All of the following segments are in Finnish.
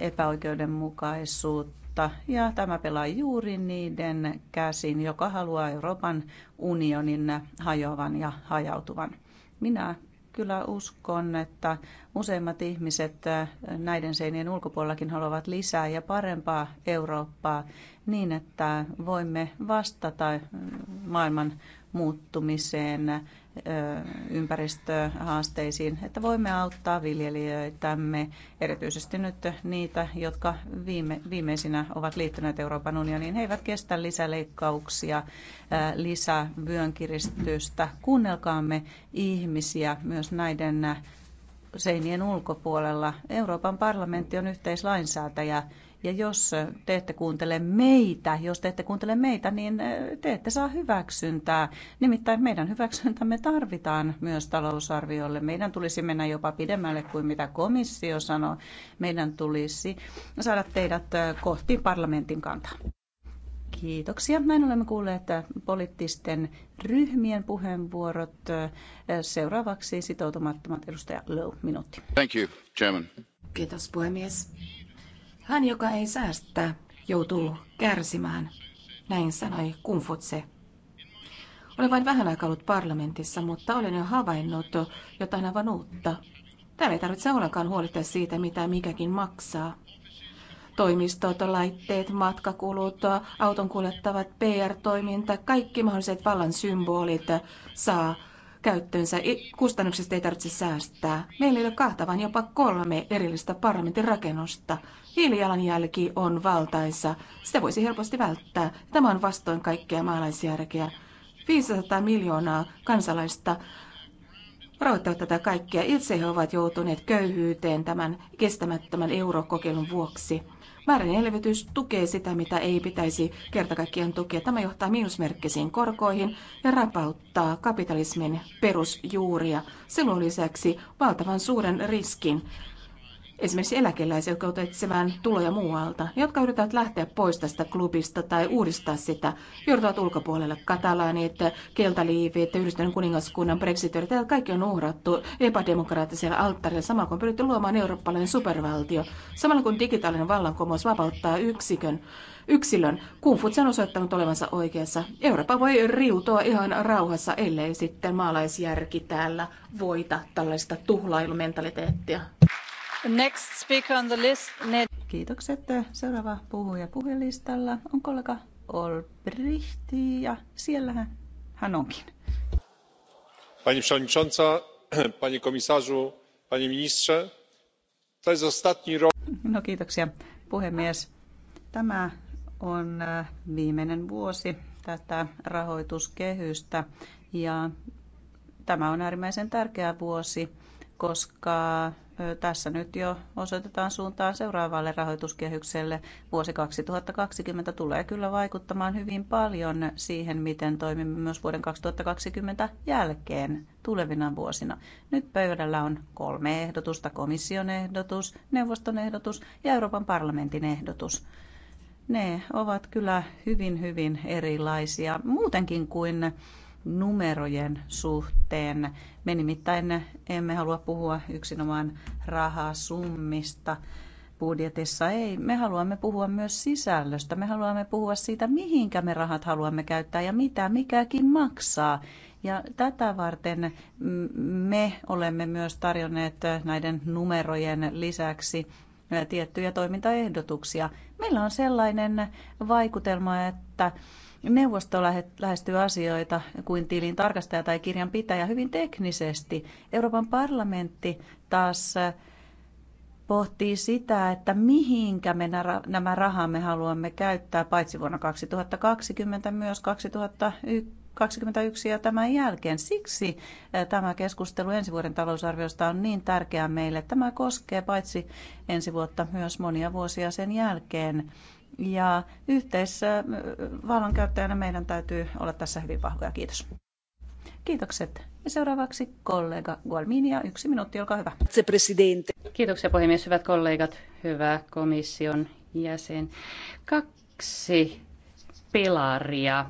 epäoikeudenmukaisuutta ja tämä pelaa juuri niiden käsin, joka haluaa Euroopan unionin hajoavan ja hajautuvan. Minä kyllä uskon, että useimmat ihmiset näiden seinien ulkopuolellakin haluavat lisää ja parempaa Eurooppaa niin, että voimme vastata maailman muuttumiseen ympäristöhaasteisiin, että voimme auttaa viljelijöitämme, erityisesti nyt niitä, jotka viime, viimeisinä ovat liittyneet Euroopan unioniin. He eivät kestä lisäleikkauksia, lisävyönkiristystä. Kuunnelkaamme ihmisiä myös näiden seinien ulkopuolella. Euroopan parlamentti on yhteislainsäätäjä ja jos te ette kuuntele meitä, jos te ette kuuntele meitä, niin eh, te ette saa hyväksyntää. Nimittäin meidän hyväksyntämme tarvitaan myös talousarviolle. Meidän tulisi mennä jopa pidemmälle kuin mitä komissio sanoo. Meidän tulisi saada teidät eh, kohti parlamentin kantaa. Kiitoksia. Näin olemme kuulleet eh, poliittisten ryhmien puheenvuorot. Seuraavaksi sitoutumattomat edustaja Lowe, minuutti. Thank you, Chairman. Kiitos puhemies. Hän, joka ei säästä, joutuu kärsimään, näin sanoi Kumfutse. Olen vain vähän aikaa ollut parlamentissa, mutta olen jo havainnut jotain aivan uutta. Täällä ei tarvitse ollenkaan huolehtia siitä, mitä mikäkin maksaa. Toimistot, laitteet, matkakulut, auton kuljettavat PR-toiminta, kaikki mahdolliset vallan symbolit saa käyttöönsä. Kustannuksista ei tarvitse säästää. Meillä ei ole kahta, vaan jopa kolme erillistä parlamentin rakennusta. Hiilijalanjälki on valtaisa. Sitä voisi helposti välttää. Tämä on vastoin kaikkea maalaisjärkeä. 500 miljoonaa kansalaista rahoittavat tätä kaikkea. Itse he ovat joutuneet köyhyyteen tämän kestämättömän eurokokeilun vuoksi. Määrän elvytys tukee sitä, mitä ei pitäisi kertakaikkiaan tukea. Tämä johtaa miinusmerkkisiin korkoihin ja rapauttaa kapitalismin perusjuuria. Se luo lisäksi valtavan suuren riskin esimerkiksi eläkeläisiä, jotka ovat etsimään tuloja muualta, jotka yrittävät lähteä pois tästä klubista tai uudistaa sitä, joutuvat ulkopuolelle. Katalaanit, keltaliivit, yhdistyneen kuningaskunnan brexitorit, tämä kaikki on uhrattu epädemokraattisella alttarilla, samalla kun pyritty luomaan eurooppalainen supervaltio. Samalla kun digitaalinen vallankumous vapauttaa yksikön, yksilön, Kumfutse on osoittanut olevansa oikeassa. Eurooppa voi riutoa ihan rauhassa, ellei sitten maalaisjärki täällä voita tällaista tuhlailumentaliteettia. Next speaker on the list. Kiitokset. Seuraava puhuja puhelistalla on kollega Olbricht ja siellä hän onkin. Pani przewodnicząca, panie komisarzu, panie ministrze. To jest ostatni rok. No kiitoksia puhemies. Tämä on e, viimeinen vuosi tätä rahoituskehystä ja tämä on äärimmäisen tärkeä vuosi, koska tässä nyt jo osoitetaan suuntaan seuraavalle rahoituskehykselle. Vuosi 2020 tulee kyllä vaikuttamaan hyvin paljon siihen, miten toimimme myös vuoden 2020 jälkeen tulevina vuosina. Nyt pöydällä on kolme ehdotusta, komission ehdotus, neuvoston ehdotus ja Euroopan parlamentin ehdotus. Ne ovat kyllä hyvin, hyvin erilaisia muutenkin kuin numerojen suhteen. Me nimittäin emme halua puhua yksinomaan rahasummista budjetissa. Ei, me haluamme puhua myös sisällöstä. Me haluamme puhua siitä, mihinkä me rahat haluamme käyttää ja mitä mikäkin maksaa. Ja tätä varten me olemme myös tarjonneet näiden numerojen lisäksi tiettyjä toimintaehdotuksia. Meillä on sellainen vaikutelma, että Neuvosto lähestyy asioita kuin tilin tarkastaja tai kirjanpitäjä hyvin teknisesti. Euroopan parlamentti taas äh, pohtii sitä, että mihinkä me nämä rahamme haluamme käyttää paitsi vuonna 2020 myös 2021 ja tämän jälkeen. Siksi äh, tämä keskustelu ensi vuoden talousarviosta on niin tärkeää meille. Tämä koskee paitsi ensi vuotta myös monia vuosia sen jälkeen. Ja yhteisessä äh, vallankäyttäjänä meidän täytyy olla tässä hyvin vahvoja. Kiitos. Kiitokset. Ja seuraavaksi kollega Gualminia. Yksi minuutti, olkaa hyvä. Kiitoksia puhemies, hyvät kollegat, hyvä komission jäsen. Kaksi pilaria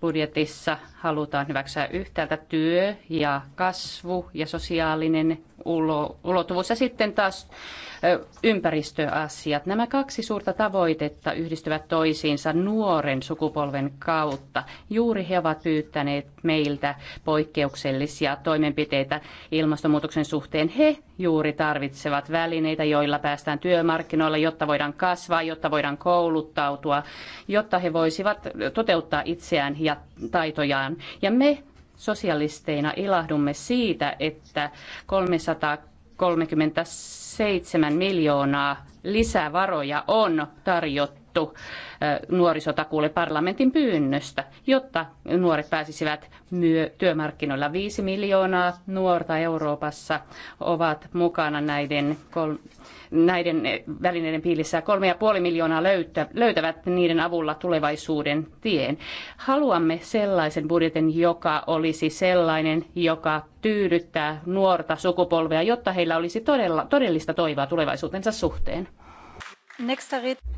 budjetissa halutaan hyväksyä yhtäältä työ ja kasvu ja sosiaalinen ulottuvuus ja sitten taas ympäristöasiat. Nämä kaksi suurta tavoitetta yhdistyvät toisiinsa nuoren sukupolven kautta. Juuri he ovat pyytäneet meiltä poikkeuksellisia toimenpiteitä ilmastonmuutoksen suhteen. He juuri tarvitsevat välineitä, joilla päästään työmarkkinoille, jotta voidaan kasvaa, jotta voidaan kouluttautua, jotta he voisivat toteuttaa itseään ja taitojaan vastaan. Ja me sosialisteina ilahdumme siitä, että 337 miljoonaa lisävaroja on tarjottu sovittu nuorisotakuulle parlamentin pyynnöstä, jotta nuoret pääsisivät myö- työmarkkinoilla. Viisi miljoonaa nuorta Euroopassa ovat mukana näiden, näiden välineiden piilissä. Kolme ja puoli miljoonaa löytä- löytävät niiden avulla tulevaisuuden tien. Haluamme sellaisen budjetin, joka olisi sellainen, joka tyydyttää nuorta sukupolvea, jotta heillä olisi todella, todellista toivoa tulevaisuutensa suhteen.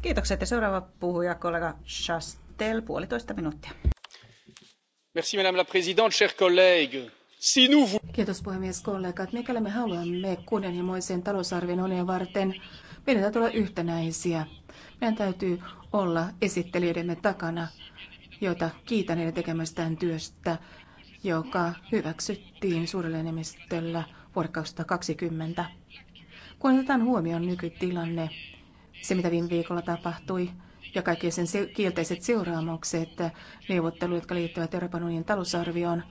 Kiitokset ja seuraava puhuja kollega Chastel, puolitoista minuuttia. Merci madame la présidente, chers collègues. Si nous... Kiitos puhemies kollegat. Mikäli me haluamme kunnianhimoisen talousarvion onnea varten, meidän täytyy olla yhtenäisiä. Meidän täytyy olla esittelijöidemme takana, joita kiitän heidän tekemästään työstä, joka hyväksyttiin suurella enemmistöllä vuonna 2020. Kun otetaan huomioon nykytilanne, se, mitä viime viikolla tapahtui, ja kaikki sen kielteiset seuraamukset, neuvottelut, jotka liittyvät Euroopan unionin talousarvioon,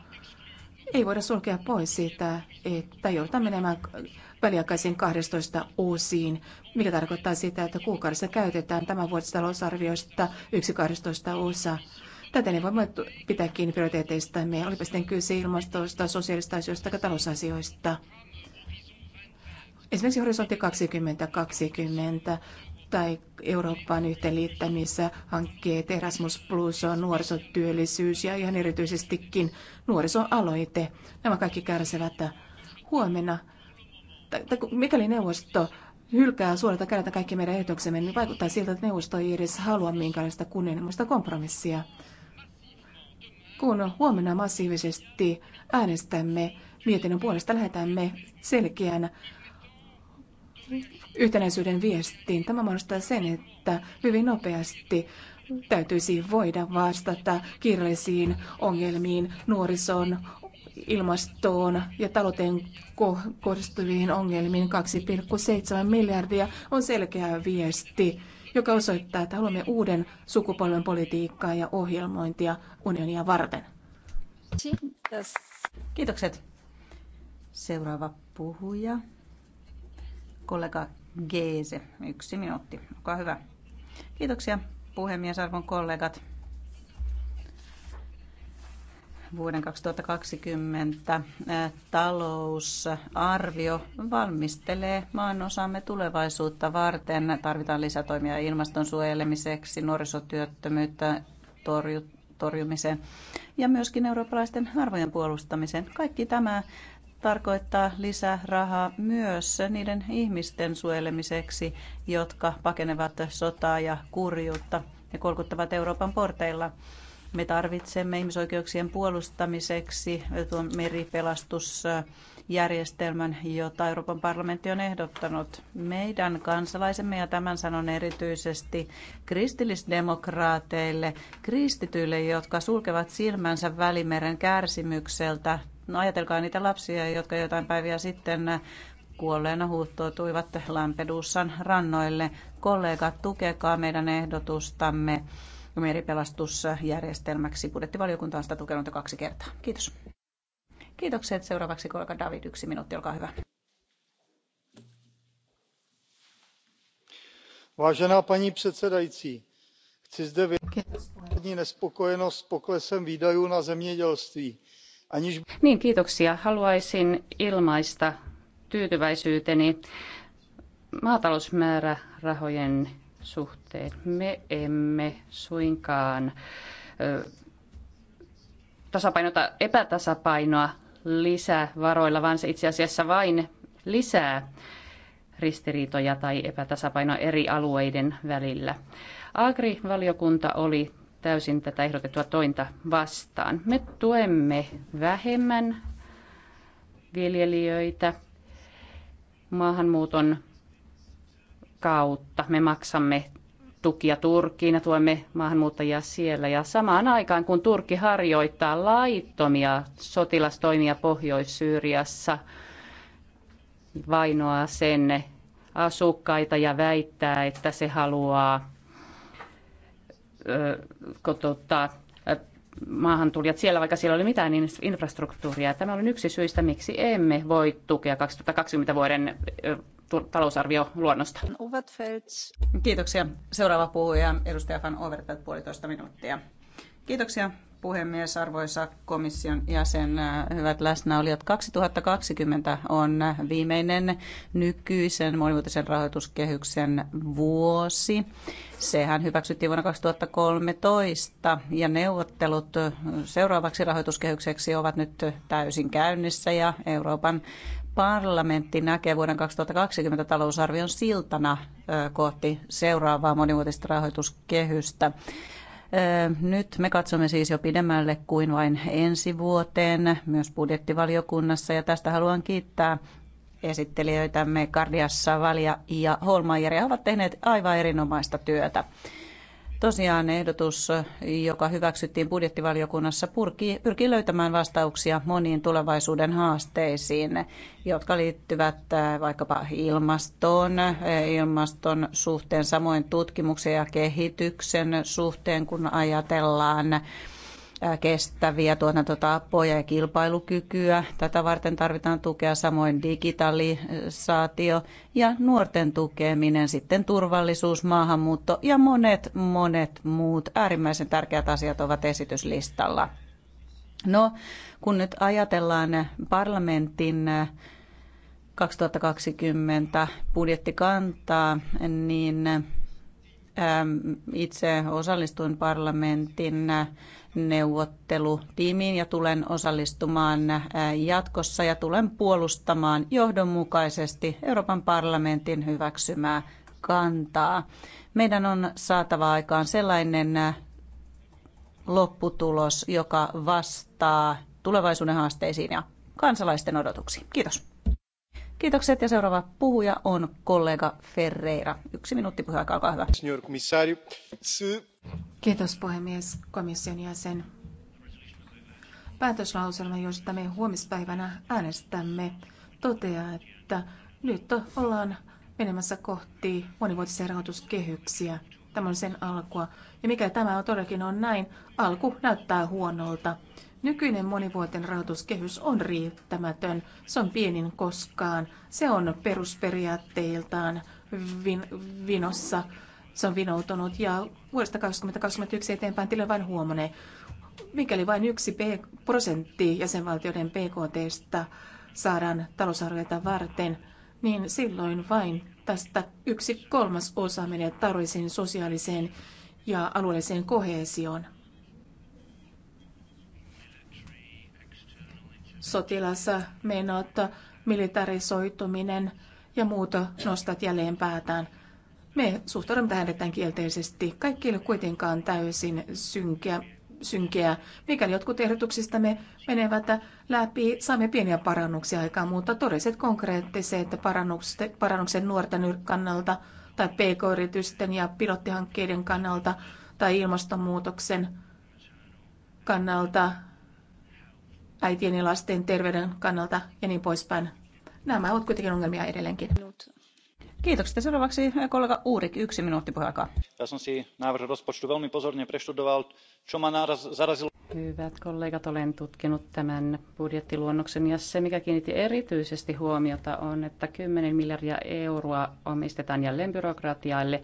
ei voida sulkea pois siitä että joudutaan menemään väliaikaisiin 12 osiin, mikä tarkoittaa sitä, että kuukaudessa käytetään tämän vuoden talousarvioista yksi 12 osa. Tätä ne voimme pitää kiinni me olipa sitten kyse ilmastosta, sosiaalista asioista tai talousasioista. Esimerkiksi horisontti 2020 tai Eurooppaan yhteenliittämishankkeet, Erasmus Plus, nuorisotyöllisyys ja ihan erityisestikin nuorisoaloite. Nämä kaikki kärsivät huomenna. Mikäli neuvosto hylkää suorata kädeltä kaikki meidän ehdotuksemme, niin vaikuttaa siltä, että neuvosto ei edes halua minkäänlaista kunnianhimoista kompromissia. Kun huomenna massiivisesti äänestämme mietinnön puolesta, lähetämme selkeän yhtenäisyyden viestiin. Tämä mahdollistaa sen, että hyvin nopeasti täytyisi voida vastata kiireellisiin ongelmiin, nuorison, ilmastoon ja talouteen kohdistuviin ongelmiin 2,7 miljardia on selkeä viesti, joka osoittaa, että haluamme uuden sukupolven politiikkaa ja ohjelmointia unionia varten. Kiitokset. Seuraava puhuja kollega Geese. Yksi minuutti, olkaa hyvä. Kiitoksia puhemies, arvon kollegat. Vuoden 2020 talousarvio valmistelee maanosamme tulevaisuutta varten. Tarvitaan lisätoimia ilmaston suojelemiseksi, nuorisotyöttömyyttä torjumiseen ja myöskin eurooppalaisten arvojen puolustamiseen. Kaikki tämä tarkoittaa lisää rahaa myös niiden ihmisten suojelemiseksi, jotka pakenevat sotaa ja kurjuutta ja kolkuttavat Euroopan porteilla. Me tarvitsemme ihmisoikeuksien puolustamiseksi tuon meripelastusjärjestelmän, jota Euroopan parlamentti on ehdottanut. Meidän kansalaisemme, ja tämän sanon erityisesti kristillisdemokraateille, kristityille, jotka sulkevat silmänsä välimeren kärsimykseltä, No ajatelkaa niitä lapsia, jotka jotain päiviä sitten kuolleena huuhtoutuivat Lampedusan rannoille. Kollegat, tukekaa meidän ehdotustamme meripelastusjärjestelmäksi. Budjettivaliokunta on sitä tukenut jo kaksi kertaa. Kiitos. Kiitokset. Seuraavaksi kollega David, yksi minuutti, olkaa hyvä. Vážená paní předsedající, chci zde vyjádřit nespokojenost s poklesem výdajů na zemědělství niin, kiitoksia. Haluaisin ilmaista tyytyväisyyteni maatalousmäärärahojen suhteen. Me emme suinkaan tasapainota epätasapainoa lisävaroilla, vaan se itse asiassa vain lisää ristiriitoja tai epätasapainoa eri alueiden välillä. Agri-valiokunta oli täysin tätä ehdotettua tointa vastaan. Me tuemme vähemmän viljelijöitä maahanmuuton kautta. Me maksamme tukia Turkkiin ja tuemme maahanmuuttajia siellä. Ja samaan aikaan, kun Turkki harjoittaa laittomia sotilastoimia Pohjois-Syyriassa, vainoaa sen asukkaita ja väittää, että se haluaa kotouttaa maahantulijat siellä, vaikka siellä oli mitään infrastruktuuria. Tämä on yksi syistä, miksi emme voi tukea 2020 vuoden talousarvio luonnosta. Kiitoksia. Seuraava puhuja, edustaja Van Overveld, puolitoista minuuttia. Kiitoksia puhemies, arvoisa komission jäsen, hyvät läsnäolijat. 2020 on viimeinen nykyisen monivuotisen rahoituskehyksen vuosi. Sehän hyväksyttiin vuonna 2013 ja neuvottelut seuraavaksi rahoituskehykseksi ovat nyt täysin käynnissä ja Euroopan parlamentti näkee vuoden 2020 talousarvion siltana kohti seuraavaa monivuotista rahoituskehystä. Nyt me katsomme siis jo pidemmälle kuin vain ensi vuoteen myös budjettivaliokunnassa ja tästä haluan kiittää esittelijöitämme Kardiassa, Valia ja Holmaier. He ovat tehneet aivan erinomaista työtä. Tosiaan ehdotus, joka hyväksyttiin budjettivaliokunnassa, pyrkii, pyrkii löytämään vastauksia moniin tulevaisuuden haasteisiin, jotka liittyvät äh, vaikkapa ilmastoon, äh, ilmaston suhteen, samoin tutkimuksen ja kehityksen suhteen, kun ajatellaan kestäviä tuotantotapoja ja kilpailukykyä. Tätä varten tarvitaan tukea samoin digitalisaatio ja nuorten tukeminen, sitten turvallisuus, maahanmuutto ja monet monet muut äärimmäisen tärkeät asiat ovat esityslistalla. No, kun nyt ajatellaan parlamentin 2020 budjettikantaa, niin itse osallistuin parlamentin neuvottelutiimiin ja tulen osallistumaan äh, jatkossa ja tulen puolustamaan johdonmukaisesti Euroopan parlamentin hyväksymää kantaa. Meidän on saatava aikaan sellainen äh, lopputulos, joka vastaa tulevaisuuden haasteisiin ja kansalaisten odotuksiin. Kiitos. Kiitokset ja seuraava puhuja on kollega Ferreira. Yksi minuutti puheaikaa, olkaa hyvä. Signor commissario, se Kiitos puhemies, komission jäsen. Päätöslauselma, josta me huomispäivänä äänestämme, toteaa, että nyt ollaan menemässä kohti monivuotisia rahoituskehyksiä. Tämä on sen alkua. Ja mikä tämä on todellakin on näin, alku näyttää huonolta. Nykyinen monivuotinen rahoituskehys on riittämätön. Se on pienin koskaan. Se on perusperiaatteiltaan vin- vinossa se on vinoutunut ja vuodesta 2021 eteenpäin tilanne vain huomonee. Mikäli vain yksi prosentti jäsenvaltioiden PKTstä saadaan talousarvioita varten, niin silloin vain tästä yksi kolmas osa menee taloudelliseen, sosiaaliseen ja alueelliseen kohesioon. Sotilasmenot, militarisoituminen ja muuta nostat jälleen päätään – me suhtaudumme tähän erittäin kielteisesti. Kaikki ei ole kuitenkaan täysin synkeä, synkeä. Mikäli jotkut me menevät läpi, saamme pieniä parannuksia aikaan, mutta todelliset konkreettiset parannukset, parannuksen nuorten kannalta tai pk-yritysten ja pilottihankkeiden kannalta tai ilmastonmuutoksen kannalta, äitien ja lasten terveyden kannalta ja niin poispäin. Nämä ovat kuitenkin ongelmia edelleenkin. Minuutti. Kiitoksia Seuraavaksi kollega Uurik, yksi minuutti puheaikaa. Hyvät kollegat, olen tutkinut tämän budjettiluonnoksen ja se, mikä kiinnitti erityisesti huomiota, on, että 10 miljardia euroa omistetaan jälleen byrokratiaille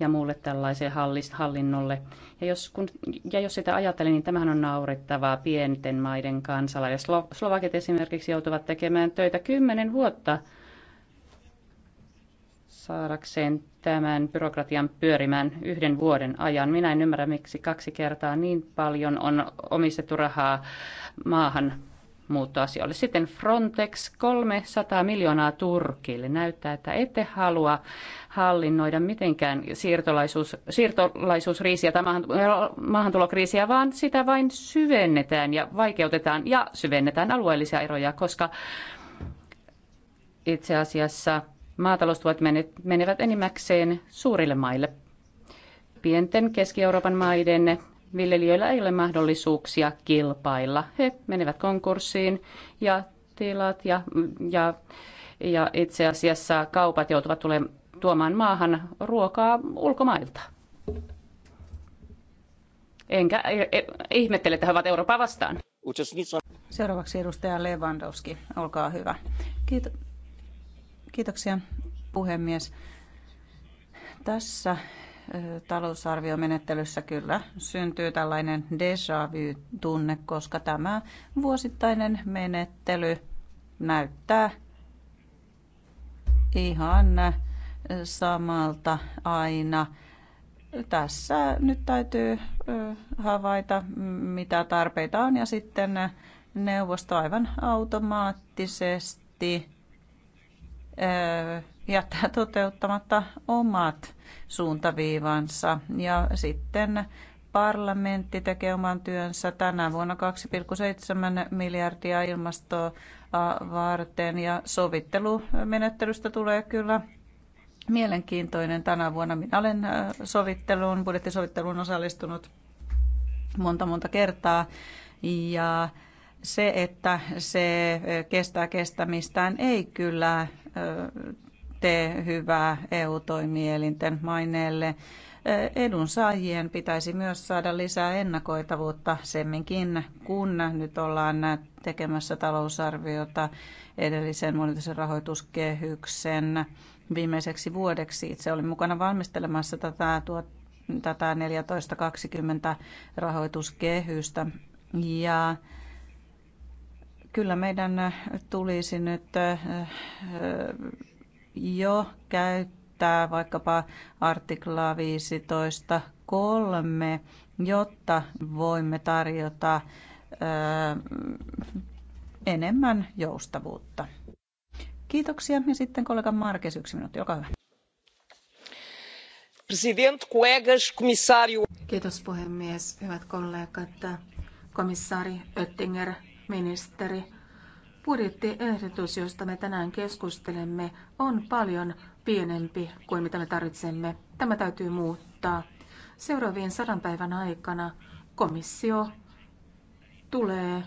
ja muulle tällaiseen hallinnolle. Ja jos, kun, ja jos sitä ajattelen, niin tämähän on naurettavaa pienten maiden kansalaisille. Slovakit esimerkiksi joutuvat tekemään töitä kymmenen vuotta saadakseen tämän byrokratian pyörimään yhden vuoden ajan. Minä en ymmärrä, miksi kaksi kertaa niin paljon on omistettu rahaa maahan muuttoasioille. Sitten Frontex 300 miljoonaa Turkille. Näyttää, että ette halua hallinnoida mitenkään siirtolaisuus, siirtolaisuusriisiä tai maahan, maahantulokriisiä, vaan sitä vain syvennetään ja vaikeutetaan ja syvennetään alueellisia eroja, koska itse asiassa maataloustuot menevät enimmäkseen suurille maille. Pienten Keski-Euroopan maiden viljelijöillä ei ole mahdollisuuksia kilpailla. He menevät konkurssiin ja tilat ja, ja, ja itse asiassa kaupat joutuvat tule, tuomaan maahan ruokaa ulkomailta. Enkä e, e, ihmettele, että he ovat Eurooppaa vastaan. Seuraavaksi edustaja Lewandowski, olkaa hyvä. Kiitos. Kiitoksia puhemies. Tässä talousarviomenettelyssä kyllä syntyy tällainen déjà vu-tunne, koska tämä vuosittainen menettely näyttää ihan samalta aina. Tässä nyt täytyy havaita, mitä tarpeita on, ja sitten neuvosto aivan automaattisesti jättää toteuttamatta omat suuntaviivansa. Ja sitten parlamentti tekee oman työnsä tänä vuonna 2,7 miljardia ilmastoa varten ja sovittelumenettelystä tulee kyllä mielenkiintoinen tänä vuonna. Minä olen sovitteluun, budjettisovitteluun osallistunut monta monta kertaa ja se, että se kestää kestämistään, ei kyllä tee hyvää EU-toimielinten maineelle. Edunsaajien pitäisi myös saada lisää ennakoitavuutta semminkin, kun nyt ollaan tekemässä talousarviota edellisen monitoisen rahoituskehyksen viimeiseksi vuodeksi. Itse olin mukana valmistelemassa tätä, tätä 14-20 rahoituskehystä ja kyllä meidän tulisi nyt jo käyttää vaikkapa artiklaa 15.3, jotta voimme tarjota enemmän joustavuutta. Kiitoksia. Ja sitten kollega Markes, yksi minuutti, olkaa hyvä. Kiitos puhemies, hyvät kollegat. Komissaari Oettinger, ministeri. Budjettiehdotus, josta me tänään keskustelemme, on paljon pienempi kuin mitä me tarvitsemme. Tämä täytyy muuttaa. Seuraavien sadan päivän aikana komissio tulee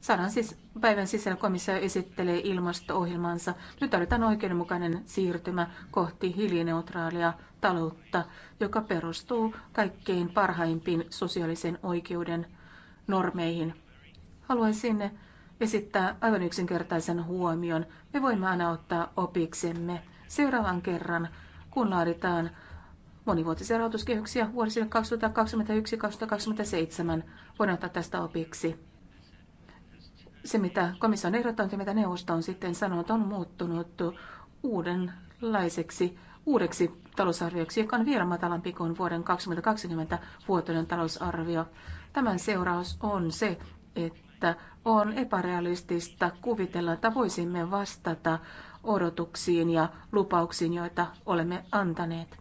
Sadan siis päivän sisällä komissio esittelee ilmasto-ohjelmansa. Nyt tarvitaan oikeudenmukainen siirtymä kohti hiilineutraalia taloutta, joka perustuu kaikkein parhaimpiin sosiaalisen oikeuden normeihin haluaisin esittää aivan yksinkertaisen huomion. Me voimme aina ottaa opiksemme seuraavan kerran, kun laaditaan monivuotisia rahoituskehyksiä vuosille 2021-2027. Voidaan ottaa tästä opiksi. Se, mitä komissio on ehdottanut ja mitä neuvosto on sitten sanonut, on muuttunut uudenlaiseksi uudeksi talousarvioksi, joka on vielä matalampi kuin vuoden 2020 vuotuinen talousarvio. Tämän seuraus on se, että että on epärealistista kuvitella, että voisimme vastata odotuksiin ja lupauksiin, joita olemme antaneet.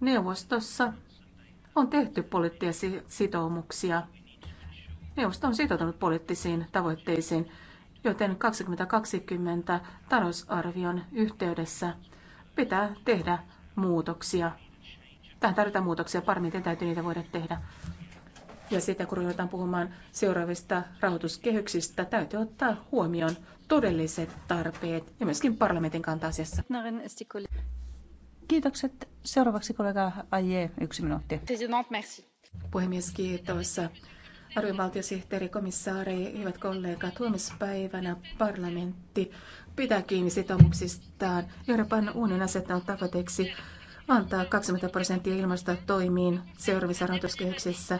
Neuvostossa on tehty poliittisia sitoumuksia. Neuvosto on sitoutunut poliittisiin tavoitteisiin, joten 2020 talousarvion yhteydessä pitää tehdä muutoksia. Tähän tarvitaan muutoksia, parmiten täytyy niitä voida tehdä ja sitä, kun ruvetaan puhumaan seuraavista rahoituskehyksistä, täytyy ottaa huomioon todelliset tarpeet ja myöskin parlamentin kanta asiassa. Kiitokset. Seuraavaksi kollega Aje, yksi minuutti. Puhemies, kiitos. valtiosihteeri, komissaari, hyvät kollegat, huomispäivänä parlamentti pitää kiinni sitoumuksistaan. Euroopan unionin asettanut tavoiteksi antaa 20 prosenttia ilmastotoimiin seuraavissa rahoituskehyksissä.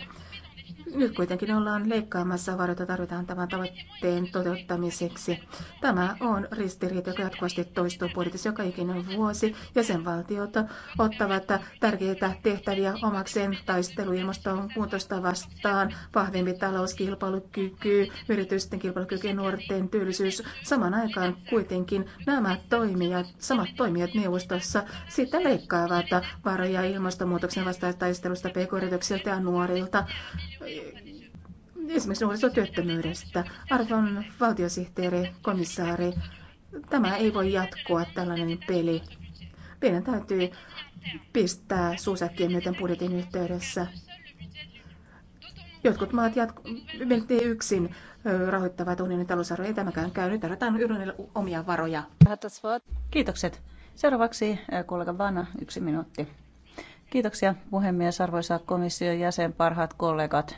Nyt kuitenkin ollaan leikkaamassa varoita tarvitaan tämän tavoitteen toteuttamiseksi. Tämä on ristiriita, joka jatkuvasti toistuu budjetissa joka ikinen vuosi. Jäsenvaltiot ottavat tärkeitä tehtäviä omakseen taistelu muutosta vastaan, vahvempi talouskilpailukyky, yritysten kilpailukyky, nuorten työllisyys. Saman aikaan kuitenkin nämä toimijat, samat toimijat neuvostossa sitä leikkaavat varoja ilmastonmuutoksen vastaista taistelusta pk-yrityksiltä ja nuorilta esimerkiksi nuoriso työttömyydestä. Arvon valtiosihteeri, komissaari, tämä ei voi jatkua tällainen peli. Meidän täytyy pistää suusäkkiä myöten budjetin yhteydessä. Jotkut maat jatku- melkein niin yksin rahoittavat unionin talousarvoja. Ei tämäkään käy. Nyt tarvitaan unionille omia varoja. Kiitokset. Seuraavaksi kollega Vanna, yksi minuutti. Kiitoksia puhemies, arvoisa komission jäsen, parhaat kollegat.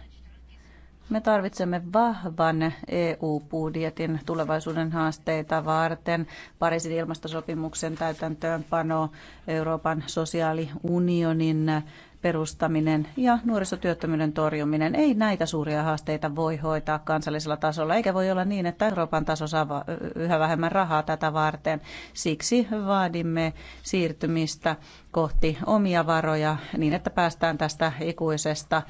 Me tarvitsemme vahvan EU-budjetin tulevaisuuden haasteita varten. Pariisin ilmastosopimuksen täytäntöönpano, Euroopan sosiaaliunionin perustaminen ja nuorisotyöttömyyden torjuminen. Ei näitä suuria haasteita voi hoitaa kansallisella tasolla, eikä voi olla niin, että Euroopan taso saa yhä vähemmän rahaa tätä varten. Siksi vaadimme siirtymistä kohti omia varoja niin, että päästään tästä ikuisesta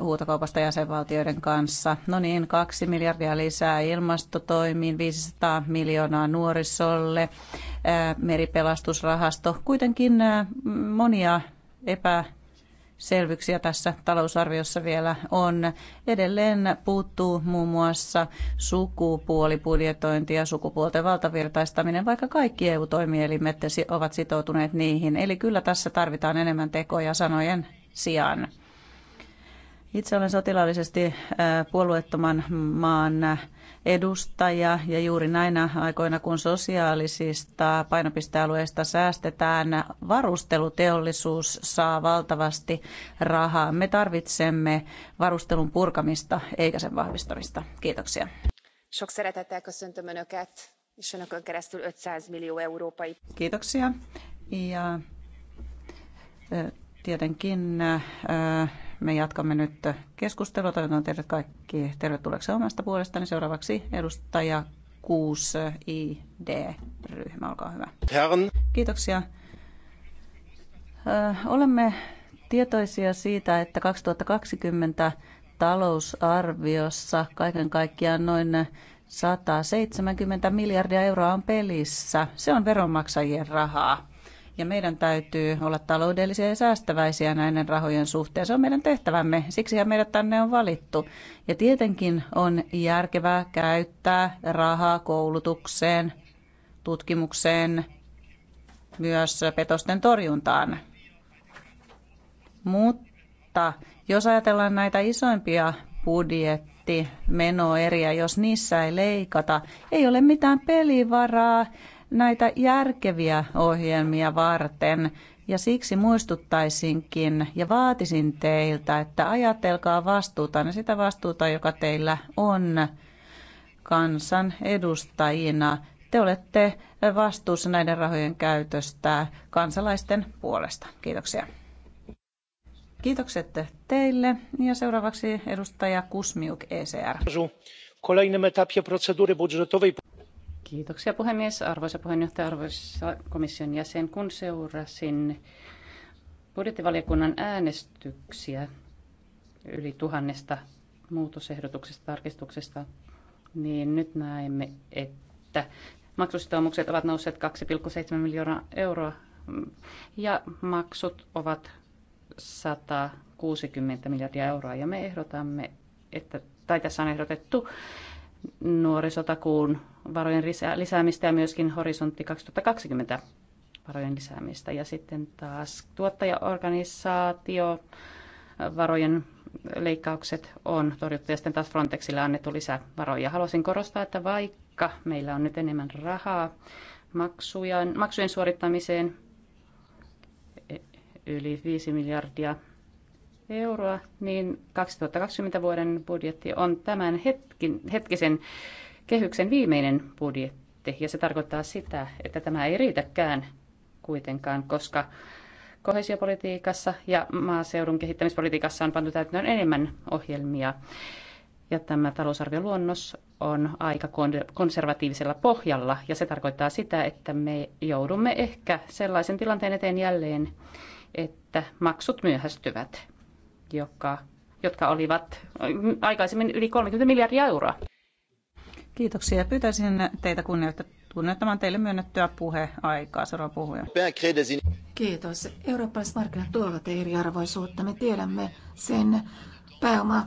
huutokaupasta jäsenvaltioiden kanssa. No niin, kaksi miljardia lisää ilmastotoimiin, 500 miljoonaa nuorisolle, meripelastusrahasto. Kuitenkin monia epä selvyksiä tässä talousarviossa vielä on. Edelleen puuttuu muun muassa sukupuolibudjetointi ja sukupuolten valtavirtaistaminen, vaikka kaikki EU-toimielimet ovat sitoutuneet niihin. Eli kyllä tässä tarvitaan enemmän tekoja sanojen sijaan. Itse olen sotilaallisesti puolueettoman maan edustaja ja juuri näinä aikoina, kun sosiaalisista painopistealueista säästetään, varusteluteollisuus saa valtavasti rahaa. Me tarvitsemme varustelun purkamista eikä sen vahvistamista. Kiitoksia. Sok szeretettel köszöntöm Önöket, és Önökön keresztül 500 millió európai. Kiitoksia. Ja tietenkin me jatkamme nyt keskustelua. Toivotan teidät kaikki tervetulleeksi omasta puolestani. Seuraavaksi edustaja 6ID-ryhmä, olkaa hyvä. Kiitoksia. Olemme tietoisia siitä, että 2020 talousarviossa kaiken kaikkiaan noin 170 miljardia euroa on pelissä. Se on veronmaksajien rahaa ja meidän täytyy olla taloudellisia ja säästäväisiä näiden rahojen suhteen. Se on meidän tehtävämme, siksi meidät tänne on valittu. Ja tietenkin on järkevää käyttää rahaa koulutukseen, tutkimukseen, myös petosten torjuntaan. Mutta jos ajatellaan näitä isoimpia budjettimenoeriä, jos niissä ei leikata, ei ole mitään pelivaraa näitä järkeviä ohjelmia varten. Ja siksi muistuttaisinkin ja vaatisin teiltä, että ajatelkaa vastuuta ja sitä vastuuta, joka teillä on kansan edustajina. Te olette vastuussa näiden rahojen käytöstä kansalaisten puolesta. Kiitoksia. Kiitokset teille ja seuraavaksi edustaja Kusmiuk ECR. Kolejnym etapie procedury budżetowej Kiitoksia puhemies, arvoisa puheenjohtaja, arvoisa komission jäsen. Kun seurasin budjettivaliokunnan äänestyksiä yli tuhannesta muutosehdotuksesta, tarkistuksesta, niin nyt näemme, että maksusitoumukset ovat nousseet 2,7 miljoonaa euroa ja maksut ovat 160 miljardia euroa. Ja me ehdotamme, että, tai tässä on ehdotettu, nuorisotakuun varojen lisäämistä ja myöskin horisontti 2020 varojen lisäämistä. Ja sitten taas tuottajaorganisaatio varojen leikkaukset on torjuttu ja sitten taas Frontexille annettu lisävaroja. Haluaisin korostaa, että vaikka meillä on nyt enemmän rahaa maksujen, maksujen suorittamiseen, e, yli 5 miljardia euroa, niin 2020 vuoden budjetti on tämän hetkin, hetkisen kehyksen viimeinen budjetti. Ja se tarkoittaa sitä, että tämä ei riitäkään kuitenkaan, koska kohesiopolitiikassa ja maaseudun kehittämispolitiikassa on pantu täytäntöön enemmän ohjelmia. Ja tämä talousarvioluonnos on aika konservatiivisella pohjalla, ja se tarkoittaa sitä, että me joudumme ehkä sellaisen tilanteen eteen jälleen, että maksut myöhästyvät jotka, jotka olivat aikaisemmin yli 30 miljardia euroa. Kiitoksia. Pyytäisin teitä kunnioittamaan teille myönnettyä puheaikaa. Seuraava puhuja. Kiitos. Eurooppalaiset markkinat tuovat eriarvoisuutta. Me tiedämme sen pääoma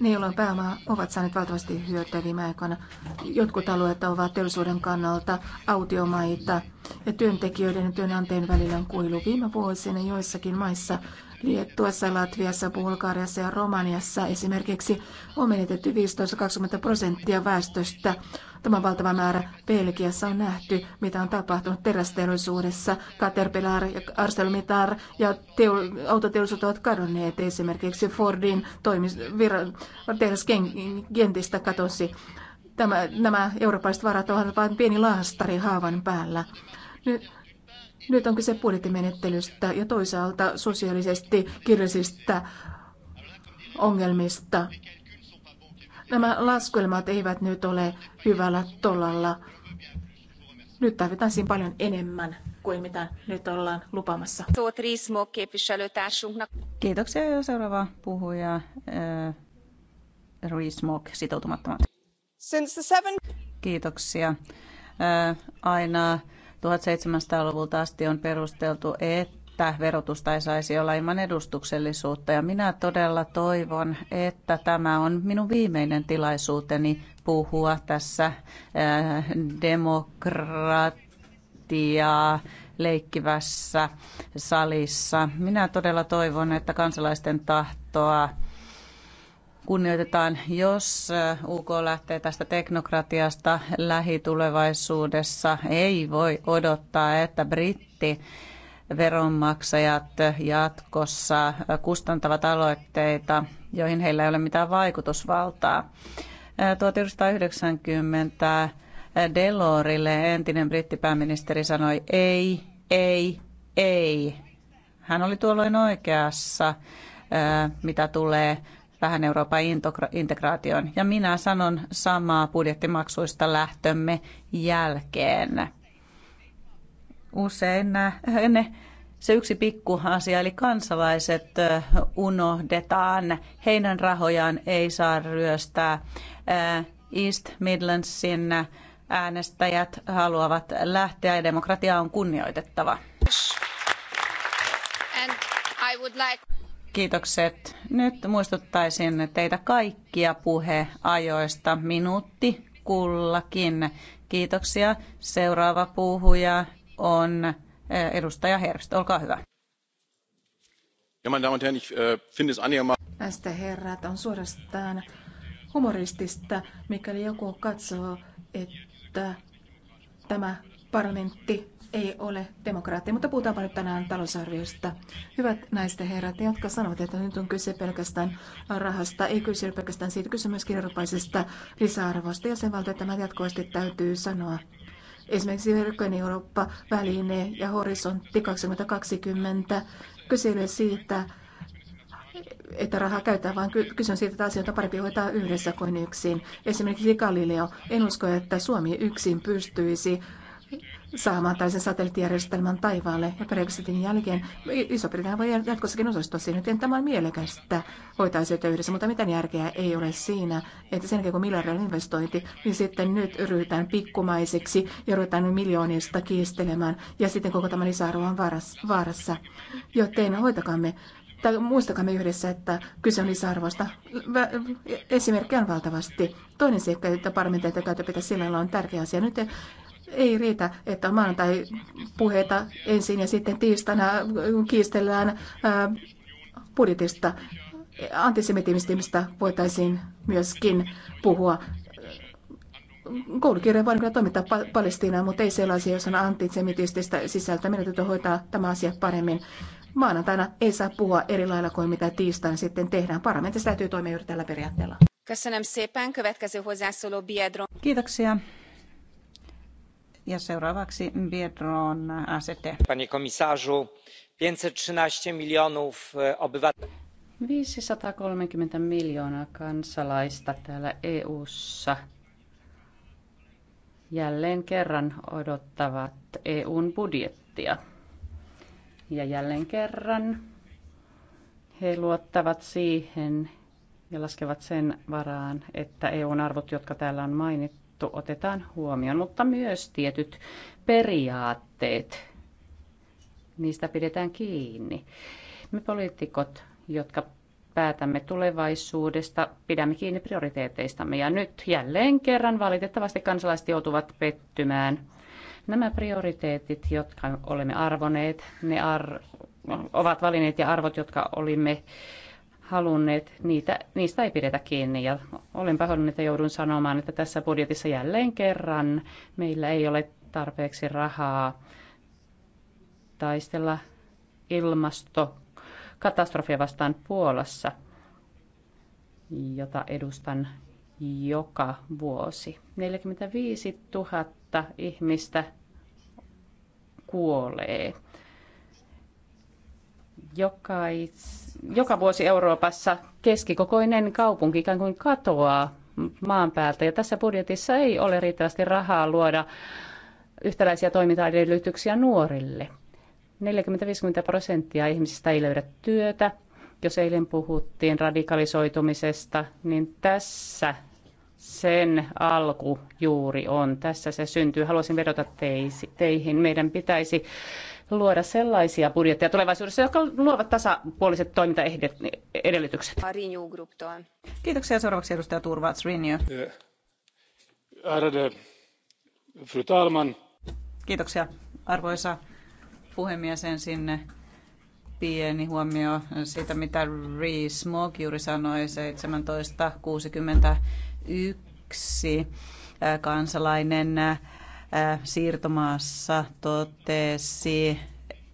ne, joilla on pääomaa, ovat saaneet valtavasti hyötyä viime aikoina. Jotkut alueet ovat teollisuuden kannalta autiomaita ja työntekijöiden ja työnantajien välillä on kuilu. Viime vuosina joissakin maissa Liettuassa, Latviassa, Bulgariassa ja Romaniassa esimerkiksi on menetetty 15-20 prosenttia väestöstä. Tämä valtava määrä Belgiassa on nähty, mitä on tapahtunut terästeollisuudessa. Caterpillar ja ArcelorMittal ja teo- autoteollisuudet ovat kadonneet. Esimerkiksi Fordin toimis- vir- tehdas Gentistä katosi. Tämä, nämä eurooppalaiset varat ovat vain pieni laastari haavan päällä. Nyt nyt on kyse budjettimenettelystä ja toisaalta sosiaalisesti kirjallisista ongelmista. Nämä laskelmat eivät nyt ole hyvällä tolalla. Nyt tarvitaan siinä paljon enemmän kuin mitä nyt ollaan lupamassa. Kiitoksia ja seuraava puhuja, äh, eh, Riismok, sitoutumattomat. Kiitoksia. Eh, aina 1700-luvulta asti on perusteltu, että verotusta ei saisi olla ilman edustuksellisuutta. Ja minä todella toivon, että tämä on minun viimeinen tilaisuuteni puhua tässä äh, demokratiaa leikkivässä salissa. Minä todella toivon, että kansalaisten tahtoa kunnioitetaan, jos äh, UK lähtee tästä teknokratiasta lähitulevaisuudessa. Ei voi odottaa, että britti veronmaksajat jatkossa kustantavat aloitteita, joihin heillä ei ole mitään vaikutusvaltaa. 1990 äh, Delorille entinen brittipääministeri sanoi ei, ei, ei. Hän oli tuolloin oikeassa, äh, mitä tulee tähän Euroopan integraatioon. Ja minä sanon samaa budjettimaksuista lähtömme jälkeen. Usein äh, ne se yksi pikku asia, eli kansalaiset äh, unohdetaan, heidän rahojaan ei saa ryöstää. Äh, East Midlandsin äänestäjät haluavat lähteä ja demokratia on kunnioitettava. Kiitokset. Nyt muistuttaisin teitä kaikkia puheajoista minuutti kullakin. Kiitoksia. Seuraava puhuja on eh, edustaja Herbst. Olkaa hyvä. Ja äh, Näistä herrat on suorastaan humoristista, mikäli joku katsoo, että tämä parlamentti ei ole demokraattia, mutta puhutaanpa nyt tänään talousarviosta. Hyvät naiset ja herrat, jotka sanovat, että nyt on kyse pelkästään rahasta, ei kyse pelkästään siitä, kyse myös eurooppalaisesta lisäarvosta. Ja sen valta tämä jatkuvasti täytyy sanoa. Esimerkiksi Verkkojen Eurooppa-väline ja Horisontti 2020 kyselee siitä, että rahaa käytetään, vaan kyse on siitä, että asioita parempi hoitaa yhdessä kuin yksin. Esimerkiksi Galileo. En usko, että Suomi yksin pystyisi saamaan tällaisen satelliittijärjestelmän taivaalle ja Brexitin jälkeen. Iso-Britannia voi jatkossakin osallistua siihen, että tämä on mielekästä hoitaa asioita yhdessä, mutta mitään järkeä ei ole siinä, että sen jälkeen kun miljardin investointi, niin sitten nyt ryhdytään pikkumaisiksi ja ryhdytään miljoonista kiistelemään ja sitten koko tämä lisäarvo on vaarassa. Joten hoitakamme tai me yhdessä, että kyse on lisäarvoista. Esimerkkejä on valtavasti. Toinen seikka, että parlamentilta täytyy pitää sillä on tärkeä asia. Nyt ei riitä, että on maanantai puheita ensin ja sitten tiistaina kiistellään budjetista. Antisemitismistä voitaisiin myöskin puhua koulukirja voidaan kyllä toimittaa Palestiinaan, mutta ei sellaisia, jos on antisemitististä sisältöä. Meidän täytyy hoitaa tämä asia paremmin. Maanantaina ei saa puhua eri lailla kuin mitä tiistaina sitten tehdään. Parlamentissa täytyy toimia juuri tällä periaatteella. Kiitoksia. Ja seuraavaksi Biedron ACT. Panie komisarzu, 513 milionów e, obywateli. 530 miljoonaa kansalaista täällä EU:ssa jälleen kerran odottavat EUn budjettia. Ja jälleen kerran he luottavat siihen ja laskevat sen varaan, että EUn arvot, jotka täällä on mainittu, sanottu otetaan huomioon, mutta myös tietyt periaatteet, niistä pidetään kiinni. Me poliitikot, jotka päätämme tulevaisuudesta, pidämme kiinni prioriteeteistamme ja nyt jälleen kerran valitettavasti kansalaiset joutuvat pettymään. Nämä prioriteetit, jotka olemme arvoneet, ne ar- ovat valinneet ja arvot, jotka olimme halunneet, niitä, niistä ei pidetä kiinni. Ja olen pahoillani, että joudun sanomaan, että tässä budjetissa jälleen kerran meillä ei ole tarpeeksi rahaa taistella ilmastokatastrofia vastaan Puolassa, jota edustan joka vuosi. 45 000 ihmistä kuolee jokais, joka vuosi Euroopassa keskikokoinen kaupunki ikään kuin katoaa maan päältä. Ja tässä budjetissa ei ole riittävästi rahaa luoda yhtäläisiä toimintaedellytyksiä nuorille. 40-50 prosenttia ihmisistä ei löydä työtä. Jos eilen puhuttiin radikalisoitumisesta, niin tässä sen alku juuri on. Tässä se syntyy. Haluaisin vedota teihin. Meidän pitäisi luoda sellaisia budjetteja tulevaisuudessa, jotka luovat tasapuoliset toimintaedellytykset. Kiitoksia. Seuraavaksi edustaja Turvats Renew. Fru talman. Kiitoksia, arvoisa puhemies. Ensin pieni huomio siitä, mitä Rees Mogg juuri sanoi 1761 kansalainen Äh, siirtomaassa totesi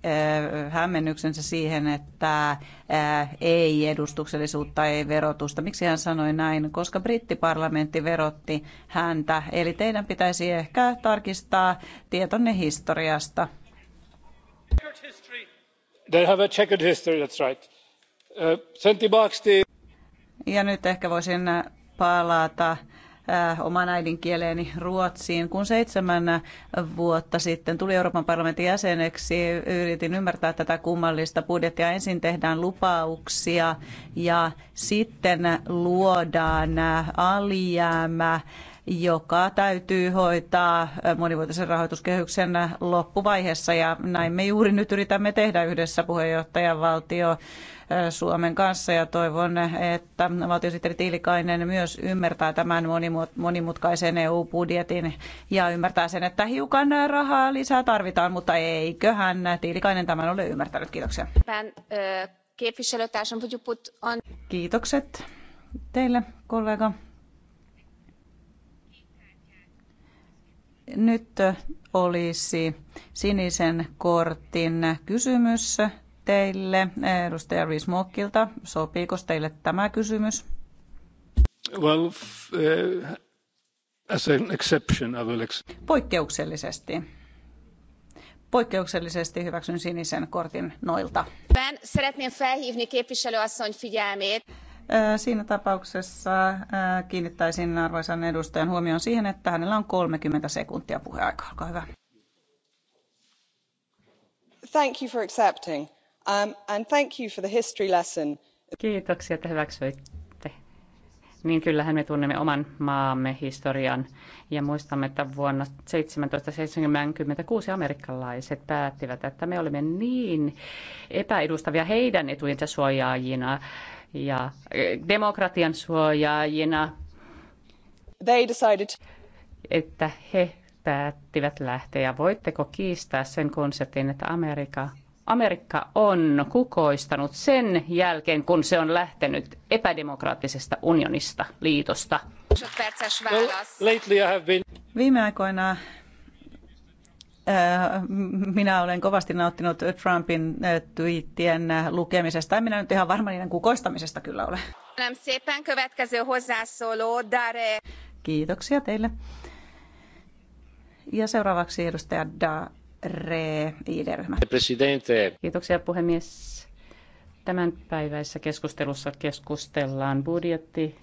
äh, hämmennyksensä siihen, että äh, ei edustuksellisuutta, ei verotusta. Miksi hän sanoi näin? Koska brittiparlamentti verotti häntä. Eli teidän pitäisi ehkä tarkistaa tietonne historiasta. They have a checkered history, that's right. Sen Ja nyt ehkä voisin palata Äh, oman äidinkieleeni ruotsiin. Kun seitsemän vuotta sitten tuli Euroopan parlamentin jäseneksi, yritin ymmärtää tätä kummallista budjettia. Ensin tehdään lupauksia ja sitten luodaan alijäämä joka täytyy hoitaa monivuotisen rahoituskehyksen loppuvaiheessa ja näin me juuri nyt yritämme tehdä yhdessä valtio Suomen kanssa ja toivon, että valtiosihteeri Tiilikainen myös ymmärtää tämän monimutkaisen EU-budjetin ja ymmärtää sen, että hiukan rahaa lisää tarvitaan, mutta eiköhän Tiilikainen tämän ole ymmärtänyt. Kiitoksia. Kiitokset teille, kollega. Nyt olisi sinisen kortin kysymys teille edustaja Rees Sopiiko teille tämä kysymys? Well, uh, as an exception, I will Poikkeuksellisesti. Poikkeuksellisesti hyväksyn sinisen kortin noilta. Siinä tapauksessa kiinnittäisin arvoisan edustajan huomioon siihen, että hänellä on 30 sekuntia puheaikaa. Olkaa hyvä. Thank you for accepting. Um, and thank you for the history lesson. Kiitoksia, että hyväksyitte. Niin kyllähän me tunnemme oman maamme historian ja muistamme, että vuonna 1776 amerikkalaiset päättivät, että me olimme niin epäedustavia heidän etujensa suojaajina ja eh, demokratian suojaajina, They decided... että he päättivät lähteä. Voitteko kiistää sen konseptin, että Amerikka Amerikka on kukoistanut sen jälkeen, kun se on lähtenyt epädemokraattisesta unionista, liitosta. Viime aikoina äh, minä olen kovasti nauttinut Trumpin äh, twiittien äh, lukemisesta. En minä nyt ihan varma niiden kukoistamisesta kyllä ole. Kiitoksia teille. Ja seuraavaksi edustaja Daa. RE-ID-ryhmä. Presidente. Kiitoksia puhemies. Tämän päiväisessä keskustelussa keskustellaan budjetti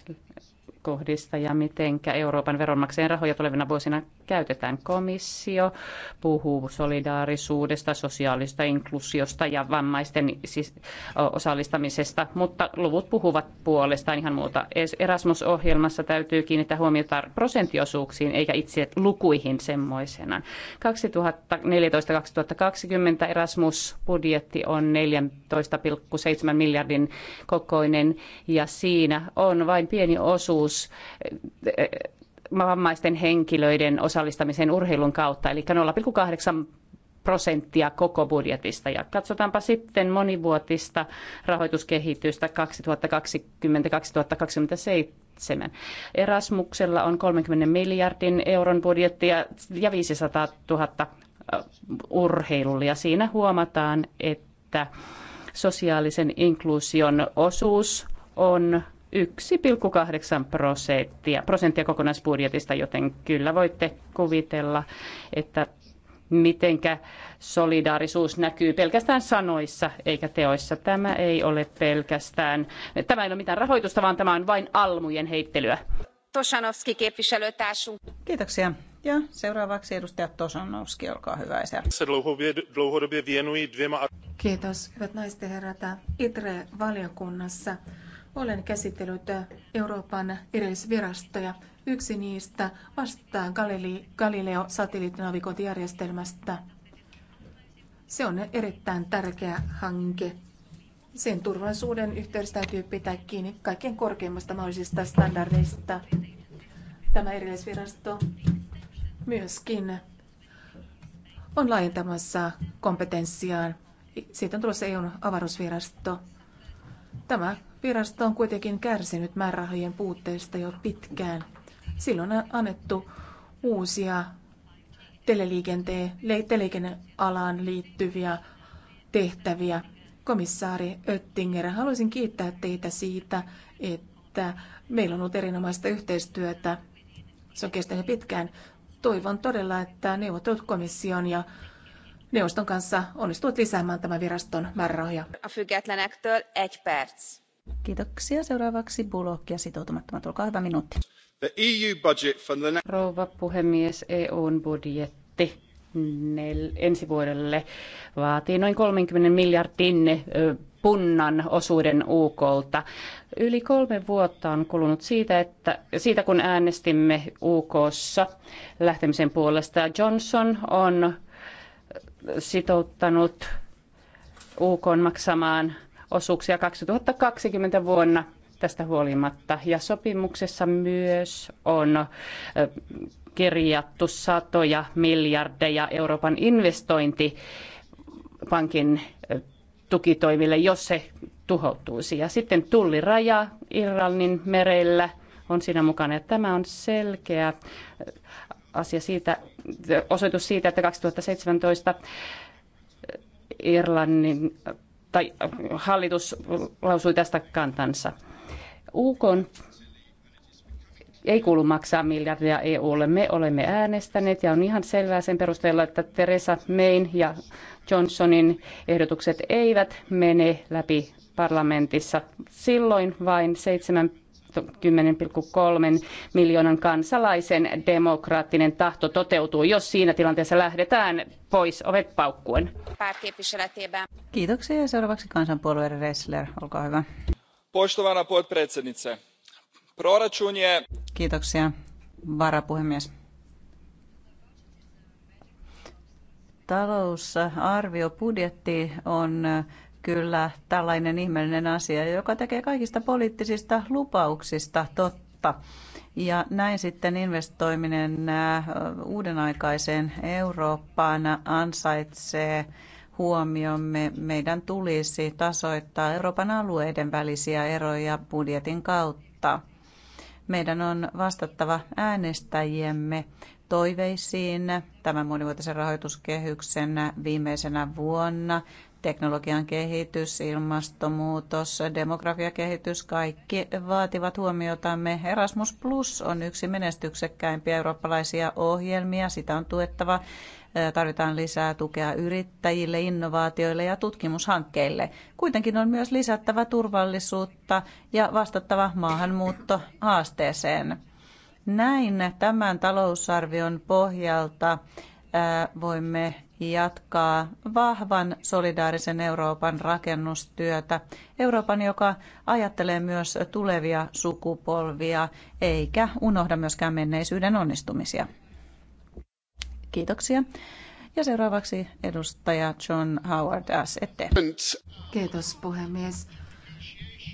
kohdista ja mitenkä Euroopan veronmaksajien rahoja tulevina vuosina käytetään. Komissio puhuu solidaarisuudesta, sosiaalista inklusiosta ja vammaisten osallistamisesta, mutta luvut puhuvat puolestaan ihan muuta. Erasmus-ohjelmassa täytyy kiinnittää huomiota prosenttiosuuksiin eikä itse lukuihin semmoisena. 2014-2020 Erasmus-budjetti on 14,7 miljardin kokoinen ja siinä on vain pieni osuus osuus eh, vammaisten henkilöiden osallistamisen urheilun kautta, eli 0,8 prosenttia koko budjetista. Ja katsotaanpa sitten monivuotista rahoituskehitystä 2020-2027. Erasmuksella on 30 miljardin euron budjetti ja 500 000 urheilulla. siinä huomataan, että sosiaalisen inkluusion osuus on 1,8 prosenttia, prosenttia kokonaisbudjetista, joten kyllä voitte kuvitella, että mitenkä solidaarisuus näkyy pelkästään sanoissa eikä teoissa. Tämä ei ole pelkästään, tämä ei ole mitään rahoitusta, vaan tämä on vain almujen heittelyä. Tosanovski képviselőtársunk. Kiitoksia. Ja seuraavaksi edustaja Tosanovski, olkaa hyvä. Kiitos, hyvät naiset ja herrat. ITRE-valiokunnassa olen käsitellyt Euroopan erillisvirastoja. Yksi niistä vastaa Galileo-satelliittinavigointijärjestelmästä. Se on erittäin tärkeä hanke. Sen turvallisuuden yhteydessä täytyy pitää kiinni kaikkein korkeimmasta mahdollisista standardeista. Tämä erillisvirasto myöskin on laajentamassa kompetenssiaan. Siitä on tulossa EUn avaruusvirasto. Tämä Virasto on kuitenkin kärsinyt määrärahojen puutteesta jo pitkään. Silloin on annettu uusia teleliikennealaan liittyviä tehtäviä. Komissaari Oettinger, haluaisin kiittää teitä siitä, että meillä on ollut erinomaista yhteistyötä. Se on kestänyt pitkään. Toivon todella, että neuvottelut komission ja neuvoston kanssa onnistuvat lisäämään tämän viraston määrärahoja. A függetlenektől egy perc. Kiitoksia. Seuraavaksi Bullock ja sitoutumattomat. Olkaa hyvä minuutti. The EU budget for the... Rouva puhemies, EUn budjetti nel, ensi vuodelle vaatii noin 30 miljardin punnan osuuden UKlta. Yli kolme vuotta on kulunut siitä, että, siitä kun äänestimme UKssa lähtemisen puolesta. Johnson on sitouttanut UK maksamaan osuuksia 2020 vuonna tästä huolimatta. Ja sopimuksessa myös on kirjattu satoja miljardeja Euroopan investointipankin tukitoimille, jos se tuhoutuisi. Ja sitten tulliraja Irlannin merellä on siinä mukana. Ja tämä on selkeä asia siitä, osoitus siitä, että 2017 Irlannin tai äh, hallitus lausui tästä kantansa. UK on ei kuulu maksaa miljardia EUlle. Me olemme äänestäneet ja on ihan selvää sen perusteella, että Teresa Mayn ja Johnsonin ehdotukset eivät mene läpi parlamentissa. Silloin vain seitsemän 10,3 miljoonan kansalaisen demokraattinen tahto toteutuu, jos siinä tilanteessa lähdetään pois ovet paukkuen. Kiitoksia ja seuraavaksi kansanpuolueen Ressler, olkaa hyvä. Poistovana podpredsednice. Proračunje... Kiitoksia, varapuhemies. Talousarvio budjetti on kyllä tällainen ihmeellinen asia, joka tekee kaikista poliittisista lupauksista totta. Ja näin sitten investoiminen äh, uuden aikaiseen Eurooppaan ansaitsee huomiomme. Meidän tulisi tasoittaa Euroopan alueiden välisiä eroja budjetin kautta. Meidän on vastattava äänestäjiemme toiveisiin tämän monivuotisen rahoituskehyksen viimeisenä vuonna. Teknologian kehitys, ilmastonmuutos, demografiakehitys, kaikki vaativat huomiotamme. Erasmus Plus on yksi menestyksekkäimpiä eurooppalaisia ohjelmia. Sitä on tuettava. Tarvitaan lisää tukea yrittäjille, innovaatioille ja tutkimushankkeille. Kuitenkin on myös lisättävä turvallisuutta ja vastattava maahanmuuttohaasteeseen. Näin tämän talousarvion pohjalta voimme jatkaa vahvan solidaarisen Euroopan rakennustyötä. Euroopan, joka ajattelee myös tulevia sukupolvia eikä unohda myöskään menneisyyden onnistumisia. Kiitoksia. Ja seuraavaksi edustaja John Howard S. E Kiitos puhemies.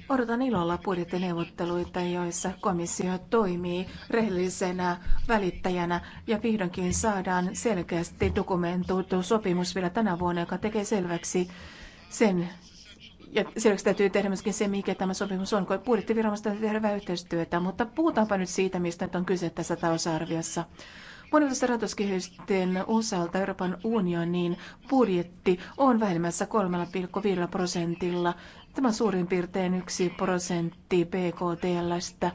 Odotan ilolla budjettineuvotteluita, joissa komissio toimii rehellisenä välittäjänä ja vihdoinkin saadaan selkeästi dokumentoitu sopimus vielä tänä vuonna, joka tekee selväksi sen, ja selväksi täytyy tehdä myöskin se, mikä tämä sopimus on, kun budjettiviranomaista täytyy tehdä hyvää yhteistyötä, mutta puhutaanpa nyt siitä, mistä nyt on kyse tässä talousarviossa. Monivuotisten rahoituskehysten osalta Euroopan unionin budjetti on vähemmässä 3,5 prosentilla Tämä suurin piirtein yksi prosentti BKTLstä.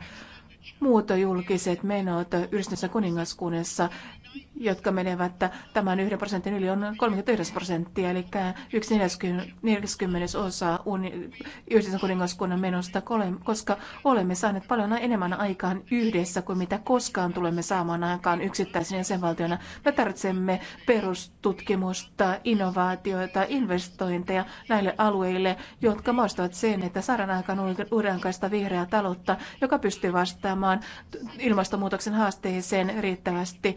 Muut julkiset menot yhdistyneessä kuningaskunnassa jotka menevät tämän yhden prosentin yli on 39 prosenttia, eli yksi 40 osa yhdessä kuningaskunnan menosta, koska olemme saaneet paljon enemmän aikaan yhdessä kuin mitä koskaan tulemme saamaan aikaan yksittäisenä jäsenvaltiona. Me tarvitsemme perustutkimusta, innovaatioita, investointeja näille alueille, jotka muistavat sen, että saadaan aikaan uudenkaista vihreää taloutta, joka pystyy vastaamaan ilmastonmuutoksen haasteeseen riittävästi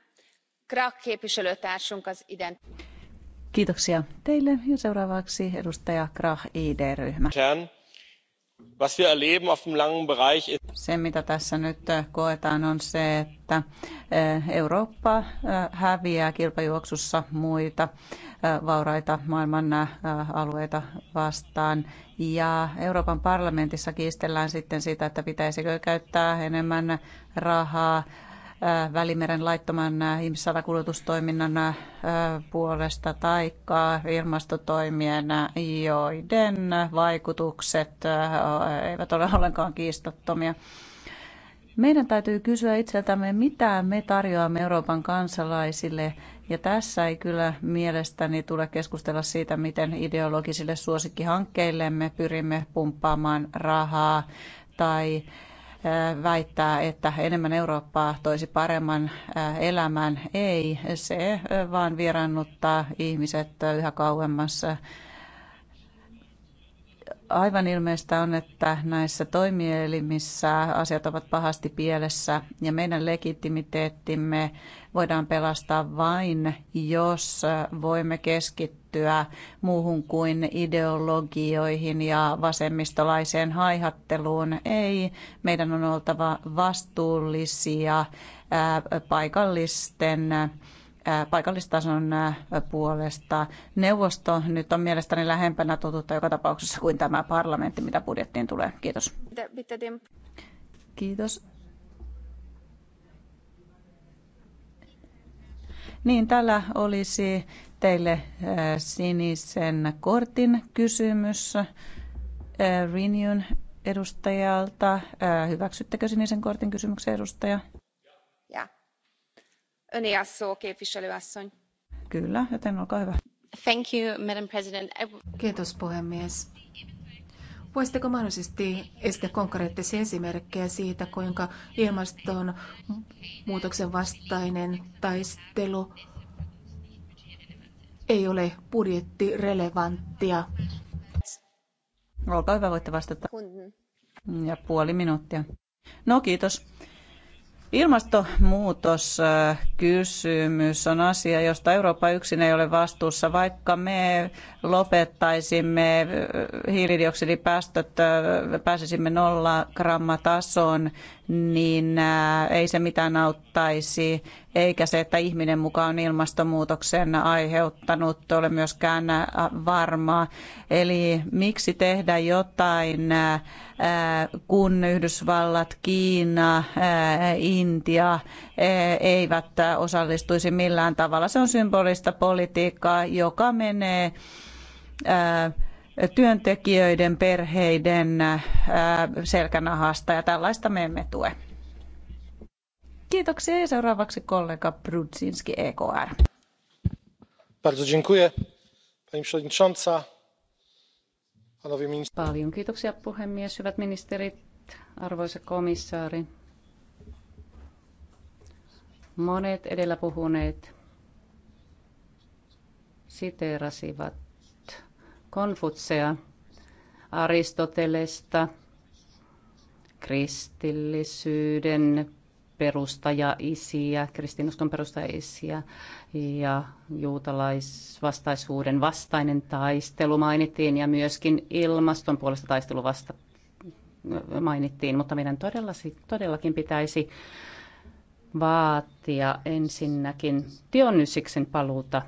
Krak képviselőtársunk az ident. Kiitoksia teille ja seuraavaksi edustaja Krah ID-ryhmä. Se, mitä tässä nyt äh, koetaan, on se, että äh, Eurooppa äh, häviää kilpajuoksussa muita vauraita maailman alueita vastaan. Ja Euroopan parlamentissa kiistellään sitten sitä, että pitäisikö käyttää enemmän rahaa Äh, Välimeren laittoman äh, ihmissalakuljetustoiminnan äh, puolesta taikka ilmastotoimien, joiden vaikutukset eivät ole ollenkaan kiistattomia. Meidän täytyy kysyä itseltämme, mitä me tarjoamme Euroopan kansalaisille, ja tässä ei kyllä mielestäni tule keskustella siitä, miten ideologisille suosikkihankkeillemme pyrimme pumppaamaan rahaa tai väittää, että enemmän Eurooppaa toisi paremman elämän. Ei, se vaan vierannuttaa ihmiset yhä kauemmassa aivan ilmeistä on, että näissä toimielimissä asiat ovat pahasti pielessä ja meidän legitimiteettimme voidaan pelastaa vain, jos voimme keskittyä päätyä muuhun kuin ideologioihin ja vasemmistolaiseen haihatteluun. Ei, meidän on oltava vastuullisia paikallisten paikallistason puolesta. Neuvosto nyt on mielestäni lähempänä totuutta joka tapauksessa kuin tämä parlamentti, mitä budjettiin tulee. Kiitos. Kiitos. Niin, tällä olisi teille äh, sinisen kortin kysymys äh, Renewn edustajalta. Äh, hyväksyttekö sinisen kortin kysymyksen edustaja? Kyllä, joten olkaa hyvä. Thank you, Madam President. Kiitos puhemies. Voisitteko mahdollisesti esittää konkreettisia esimerkkejä siitä, kuinka ilmastonmuutoksen vastainen taistelu ei ole budjettirelevanttia. Olkaa hyvä, voitte vastata. Ja puoli minuuttia. No kiitos. Ilmastonmuutoskysymys äh, on asia, josta Eurooppa yksin ei ole vastuussa. Vaikka me lopettaisimme äh, hiilidioksidipäästöt, äh, pääsisimme nolla gramma tasoon, niin ei se mitään auttaisi eikä se, että ihminen mukaan on ilmastonmuutoksen aiheuttanut, ole myöskään varmaa. Eli miksi tehdä jotain, kun Yhdysvallat, Kiina, Intia eivät osallistuisi millään tavalla. Se on symbolista politiikkaa, joka menee työntekijöiden, perheiden selkänahasta ja tällaista me emme tue. Kiitoksia ja seuraavaksi kollega Brudzinski EKR. Bardzo dziękuję, pani przewodnicząca. Paljon kiitoksia puhemies, hyvät ministerit, arvoisa komissaari. Monet edellä puhuneet siteerasivat Konfutsea, Aristotelesta, kristillisyyden perustajaisiä, kristinuskon perustajaisiä ja juutalaisvastaisuuden vastainen taistelu mainittiin ja myöskin ilmaston puolesta taistelu vasta mainittiin, mutta meidän todella, todellakin pitäisi vaatia ensinnäkin Dionysiksen paluuta,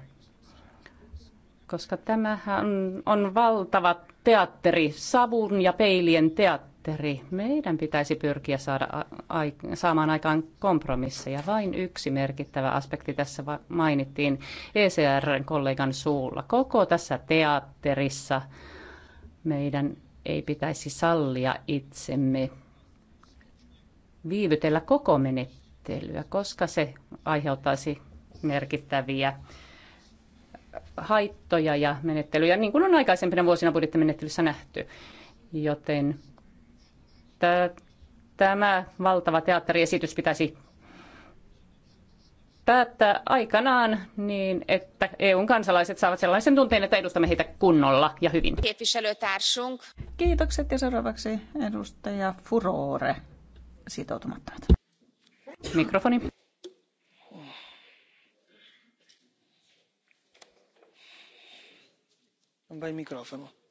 koska tämähän on valtava teatteri, savun ja peilien teatteri Petteri, meidän pitäisi pyrkiä saada, a, saamaan aikaan kompromisseja. Vain yksi merkittävä aspekti tässä mainittiin ECR-kollegan suulla. Koko tässä teatterissa meidän ei pitäisi sallia itsemme viivytellä koko menettelyä, koska se aiheuttaisi merkittäviä haittoja ja menettelyjä, niin kuin on aikaisempina vuosina budjettimenettelyssä nähty. Joten että tämä valtava teatteriesitys pitäisi päättää aikanaan niin, että EUn kansalaiset saavat sellaisen tunteen, että edustamme heitä kunnolla ja hyvin. Kiitokset ja seuraavaksi edustaja Furore sitoutumattomat. Mikrofoni. Vai mikrofoni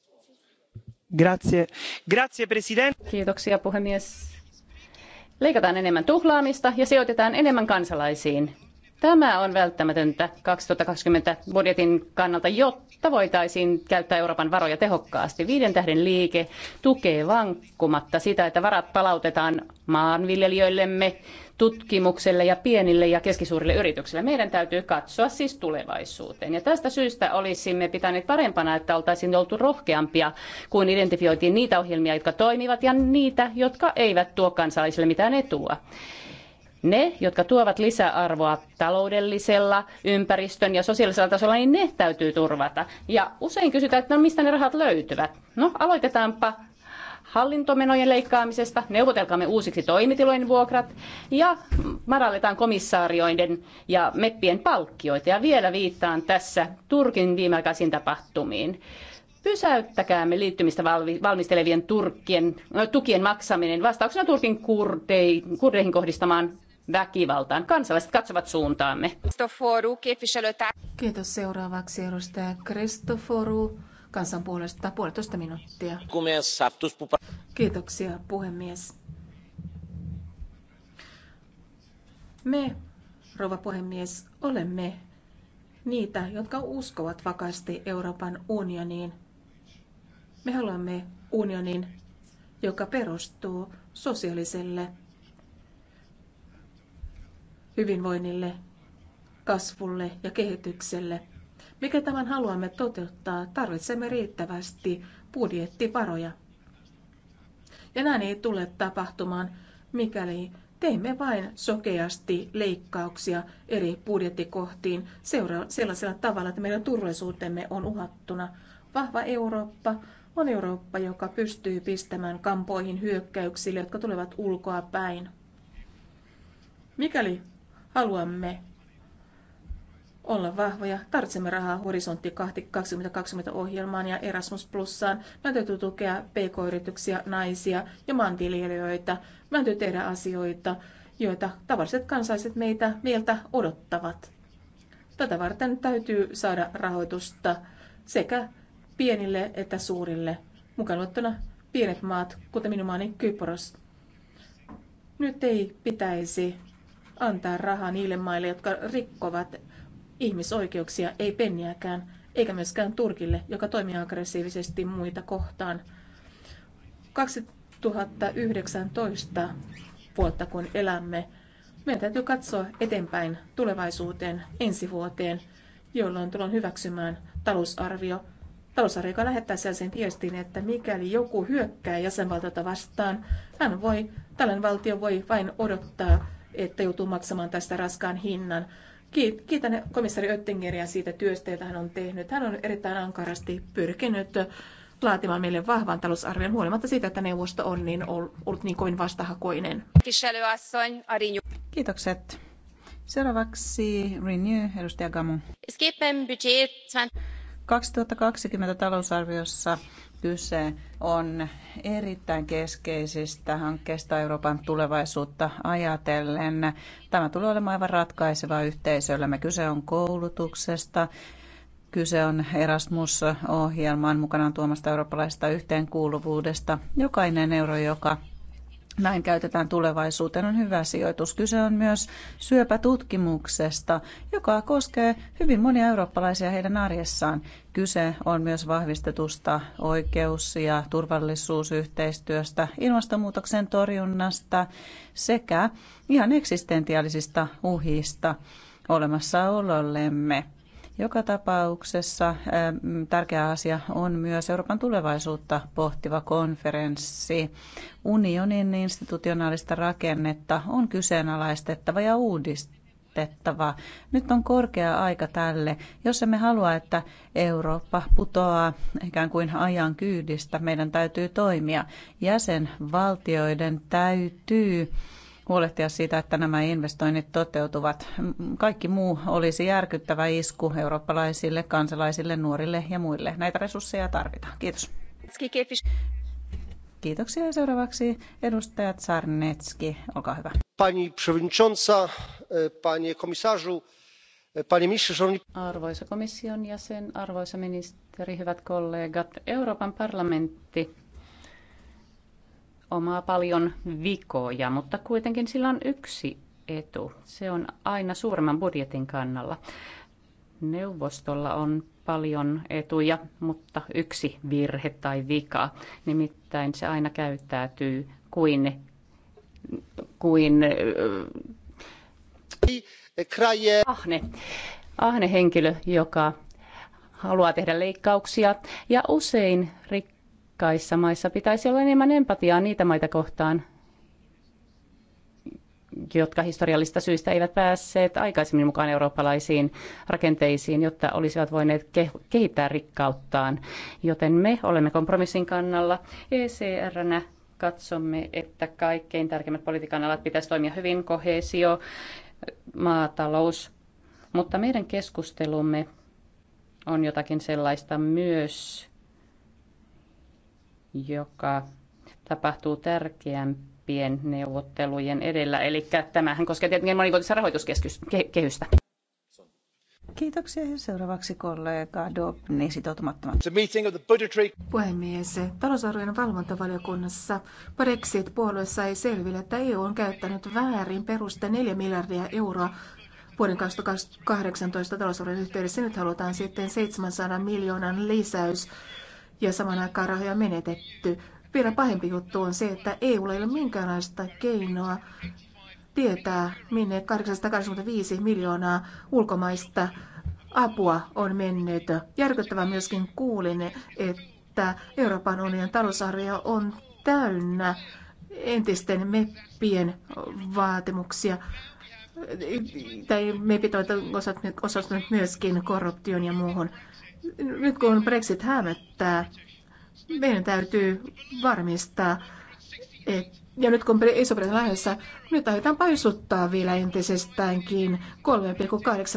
arvoisa Kiitoksia puhemies. Leikataan enemmän tuhlaamista ja sijoitetaan enemmän kansalaisiin. Tämä on välttämätöntä 2020 budjetin kannalta, jotta voitaisiin käyttää Euroopan varoja tehokkaasti. Viiden tähden liike tukee vankkumatta sitä, että varat palautetaan maanviljelijöillemme, tutkimukselle ja pienille ja keskisuurille yrityksille. Meidän täytyy katsoa siis tulevaisuuteen. Ja tästä syystä olisimme pitäneet parempana, että oltaisiin oltu rohkeampia, kun identifioitiin niitä ohjelmia, jotka toimivat ja niitä, jotka eivät tuo kansalaisille mitään etua. Ne, jotka tuovat lisäarvoa taloudellisella, ympäristön ja sosiaalisella tasolla, niin ne täytyy turvata. Ja usein kysytään, että no mistä ne rahat löytyvät. No aloitetaanpa hallintomenojen leikkaamisesta, neuvotelkaamme uusiksi toimitilojen vuokrat ja madalletaan komissaarioiden ja meppien palkkioita. Ja vielä viittaan tässä Turkin viimeaikaisiin tapahtumiin. Pysäyttäkäämme liittymistä valmistelevien Turkien, tukien maksaminen vastauksena Turkin kurdeihin kohdistamaan väkivaltaan. Kansalaiset katsovat suuntaamme. Kiitos seuraavaksi edustaja Kristoforu kansanpuolesta puolesta puolitoista minuuttia. Kiitoksia puhemies. Me, rouva puhemies, olemme niitä, jotka uskovat vakaasti Euroopan unioniin. Me haluamme unionin, joka perustuu sosiaaliselle hyvinvoinnille, kasvulle ja kehitykselle. Mikä tämän haluamme toteuttaa, tarvitsemme riittävästi budjettivaroja. Ja näin ei tule tapahtumaan, mikäli teemme vain sokeasti leikkauksia eri budjettikohtiin seura- sellaisella tavalla, että meidän turvallisuutemme on uhattuna. Vahva Eurooppa on Eurooppa, joka pystyy pistämään kampoihin hyökkäyksille, jotka tulevat ulkoa päin. Mikäli Haluamme olla vahvoja. Tarvitsemme rahaa Horisontti 2020 ohjelmaan ja Erasmus Plussaan. Meidän täytyy tukea pk-yrityksiä, naisia ja maanviljelijöitä. Meidän täytyy tehdä asioita, joita tavalliset kansalaiset meitä, mieltä odottavat. Tätä varten täytyy saada rahoitusta sekä pienille että suurille, mukaan luettuna pienet maat, kuten minun maani Kypros. Nyt ei pitäisi antaa rahaa niille maille, jotka rikkovat ihmisoikeuksia, ei penniäkään, eikä myöskään Turkille, joka toimii aggressiivisesti muita kohtaan. 2019 vuotta kun elämme, meidän täytyy katsoa eteenpäin tulevaisuuteen ensi vuoteen, jolloin tullaan hyväksymään talousarvio, Talousarvio lähettää sellaisen viestin, että mikäli joku hyökkää jäsenvaltiota vastaan, hän voi, tällainen valtio voi vain odottaa että joutuu maksamaan tästä raskaan hinnan. Kiitän komissari Oettingeria siitä työstä, jota hän on tehnyt. Hän on erittäin ankarasti pyrkinyt laatimaan meille vahvan talousarvion huolimatta siitä, että neuvosto on niin ollut niin kovin vastahakoinen. Kiitokset. Seuraavaksi Renew, edustaja Gamu. 2020 talousarviossa kyse on erittäin keskeisistä hankkeista Euroopan tulevaisuutta ajatellen. Tämä tulee olemaan aivan ratkaiseva yhteisöllemme. Kyse on koulutuksesta, Kyse on Erasmus-ohjelman mukanaan tuomasta eurooppalaisesta yhteenkuuluvuudesta. Jokainen euro, joka näin käytetään tulevaisuuteen, on hyvä sijoitus. Kyse on myös syöpätutkimuksesta, joka koskee hyvin monia eurooppalaisia heidän arjessaan. Kyse on myös vahvistetusta oikeus- ja turvallisuusyhteistyöstä, ilmastonmuutoksen torjunnasta sekä ihan eksistentiaalisista uhista olemassaolollemme. Joka tapauksessa ähm, tärkeä asia on myös Euroopan tulevaisuutta pohtiva konferenssi. Unionin institutionaalista rakennetta on kyseenalaistettava ja uudistettava. Nyt on korkea aika tälle. Jos emme halua, että Eurooppa putoaa ikään kuin ajan kyydistä, meidän täytyy toimia. Jäsenvaltioiden täytyy huolehtia siitä, että nämä investoinnit toteutuvat. Kaikki muu olisi järkyttävä isku eurooppalaisille, kansalaisille, nuorille ja muille. Näitä resursseja tarvitaan. Kiitos. Kiitoksia. Seuraavaksi edustajat Sarnetski, olkaa hyvä. Pani przewodnicząca, panie komisarzu, panie ministrze, Arvoisa komission jäsen, arvoisa ministeri, hyvät kollegat, Euroopan parlamentti omaa paljon vikoja, mutta kuitenkin sillä on yksi etu. Se on aina suuremman budjetin kannalla. Neuvostolla on paljon etuja, mutta yksi virhe tai vika. Nimittäin se aina käyttäytyy kuin, kuin äh, ahne, ahne henkilö, joka haluaa tehdä leikkauksia ja usein rik- rikkaissa maissa pitäisi olla enemmän empatiaa niitä maita kohtaan, jotka historiallista syistä eivät päässeet aikaisemmin mukaan eurooppalaisiin rakenteisiin, jotta olisivat voineet kehittää rikkauttaan. Joten me olemme kompromissin kannalla ECRnä katsomme, että kaikkein tärkeimmät politiikan alat pitäisi toimia hyvin, kohesio, maatalous. Mutta meidän keskustelumme on jotakin sellaista myös, joka tapahtuu tärkeämpien neuvottelujen edellä. Eli tämähän koskee tietenkin monivuotista rahoituskehystä. Kiitoksia seuraavaksi kollega Dobni sitoutumattomat. Puhemies, talousarvion valvontavaliokunnassa Brexit-puolue sai selville, että EU on käyttänyt väärin peruste 4 miljardia euroa vuoden 2018 talousarvion yhteydessä. Nyt halutaan sitten 700 miljoonan lisäys ja saman aikaan rahoja menetetty. Vielä pahempi juttu on se, että EUlla ei ole minkäänlaista keinoa tietää, minne 885 miljoonaa ulkomaista apua on mennyt. Järkyttävä myöskin kuulin, että Euroopan unionin talousarvio on täynnä entisten meppien vaatimuksia tai me ovat osallistuneet myöskin korruptioon ja muuhun nyt kun Brexit hämättää, meidän täytyy varmistaa, että ja nyt kun Iso-Britannia lähdössä, nyt aiotaan paisuttaa vielä entisestäänkin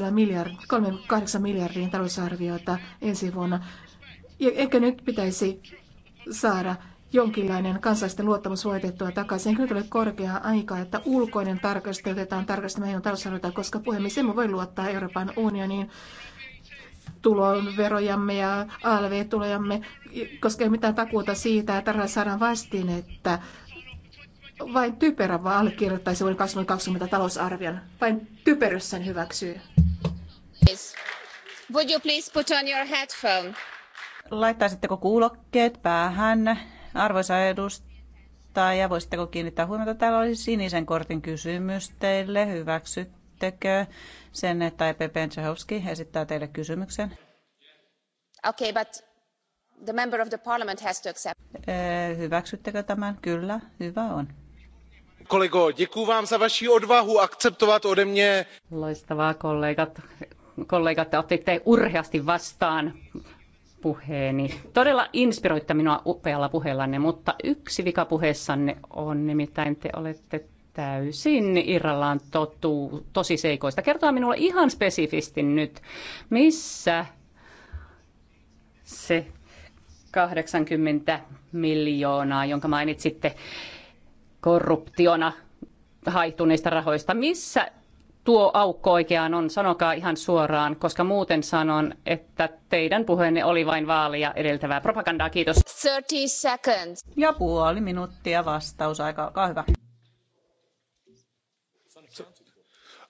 3,8 miljard, 3,8 miljardin talousarviota ensi vuonna. Ja ehkä nyt pitäisi saada jonkinlainen kansallisten luottamus voitettua takaisin. Eikö nyt ole korkea aika, että ulkoinen tarkastelu otetaan tarkastamaan EUn talousarviota, koska puhemies emme voi luottaa Euroopan unioniin tuloverojamme ja ALV-tulojamme, koska ei mitään takuuta siitä, että tällä saadaan että Vain typerä vaan allekirjoittaisi vuoden 2020 talousarvion. Vain typerys sen hyväksyy. Would you please put on your headphone? Laittaisitteko kuulokkeet päähän, arvoisa edustaja, ja voisitteko kiinnittää huomiota? Täällä oli sinisen kortin kysymys teille. Hyväksyt Hyväksyttekö sen, että EPP Tsehovski esittää teille kysymyksen? Okay, but the member of the parliament has to accept. Eh, hyväksyttekö tämän? Kyllä, hyvä on. Kollego, děkuji vám za vaši odvahu akceptovat ode mě. Loistavaa kollegat. Kollegat, otitte urheasti vastaan puheeni. Todella inspiroitte minua upealla puheellanne, mutta yksi vika puheessanne on nimittäin te olette täysin irrallaan tosi seikoista. Kertoa minulle ihan spesifisti nyt, missä se 80 miljoonaa, jonka mainitsitte korruptiona haihtuneista rahoista, missä tuo aukko oikeaan on, sanokaa ihan suoraan, koska muuten sanon, että teidän puheenne oli vain vaalia edeltävää propagandaa. Kiitos. 30 seconds. Ja puoli minuuttia vastaus, aika olkaa hyvä.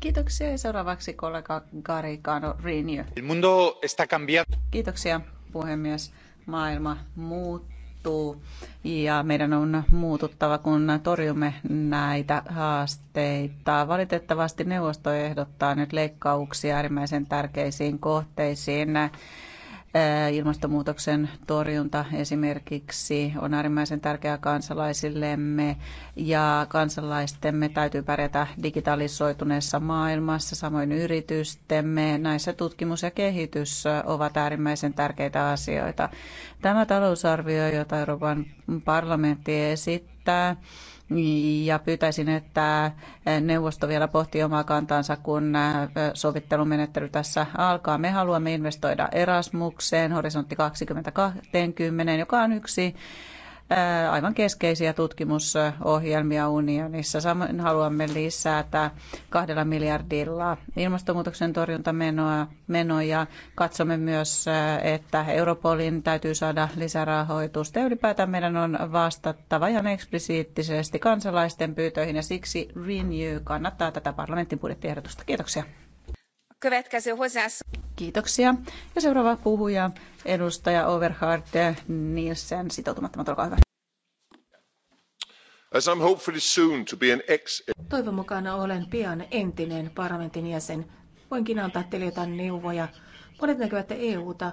Kiitoksia seuraavaksi kollega Gary Cano El mundo está cambiando. Kiitoksia puhemies. Maailma muuttuu ja meidän on muututtava, kun torjumme näitä haasteita. Valitettavasti neuvosto ehdottaa nyt leikkauksia äärimmäisen tärkeisiin kohteisiin Ilmastonmuutoksen torjunta esimerkiksi on äärimmäisen tärkeää kansalaisillemme ja kansalaistemme täytyy pärjätä digitalisoituneessa maailmassa, samoin yritystemme. Näissä tutkimus ja kehitys ovat äärimmäisen tärkeitä asioita. Tämä talousarvio, jota Euroopan parlamentti esittää, ja pyytäisin, että neuvosto vielä pohtii omaa kantaansa, kun äh, sovittelumenettely tässä alkaa. Me haluamme investoida Erasmukseen, Horisontti 2020, joka on yksi aivan keskeisiä tutkimusohjelmia unionissa. Samoin haluamme lisätä kahdella miljardilla ilmastonmuutoksen torjuntamenoja. Katsomme myös, että Europolin täytyy saada lisärahoitusta ylipäätään meidän on vastattava ihan eksplisiittisesti kansalaisten pyytöihin ja siksi Renew kannattaa tätä parlamentin budjettiehdotusta. Kiitoksia. Kiitoksia. Ja seuraava puhuja, edustaja Overhard Nielsen, sitoutumattomat, olkaa hyvä. As I'm hopefully soon to be an ex... Toivon mukana olen pian entinen parlamentin jäsen. Voinkin antaa teille jotain neuvoja. Monet näkevät EUta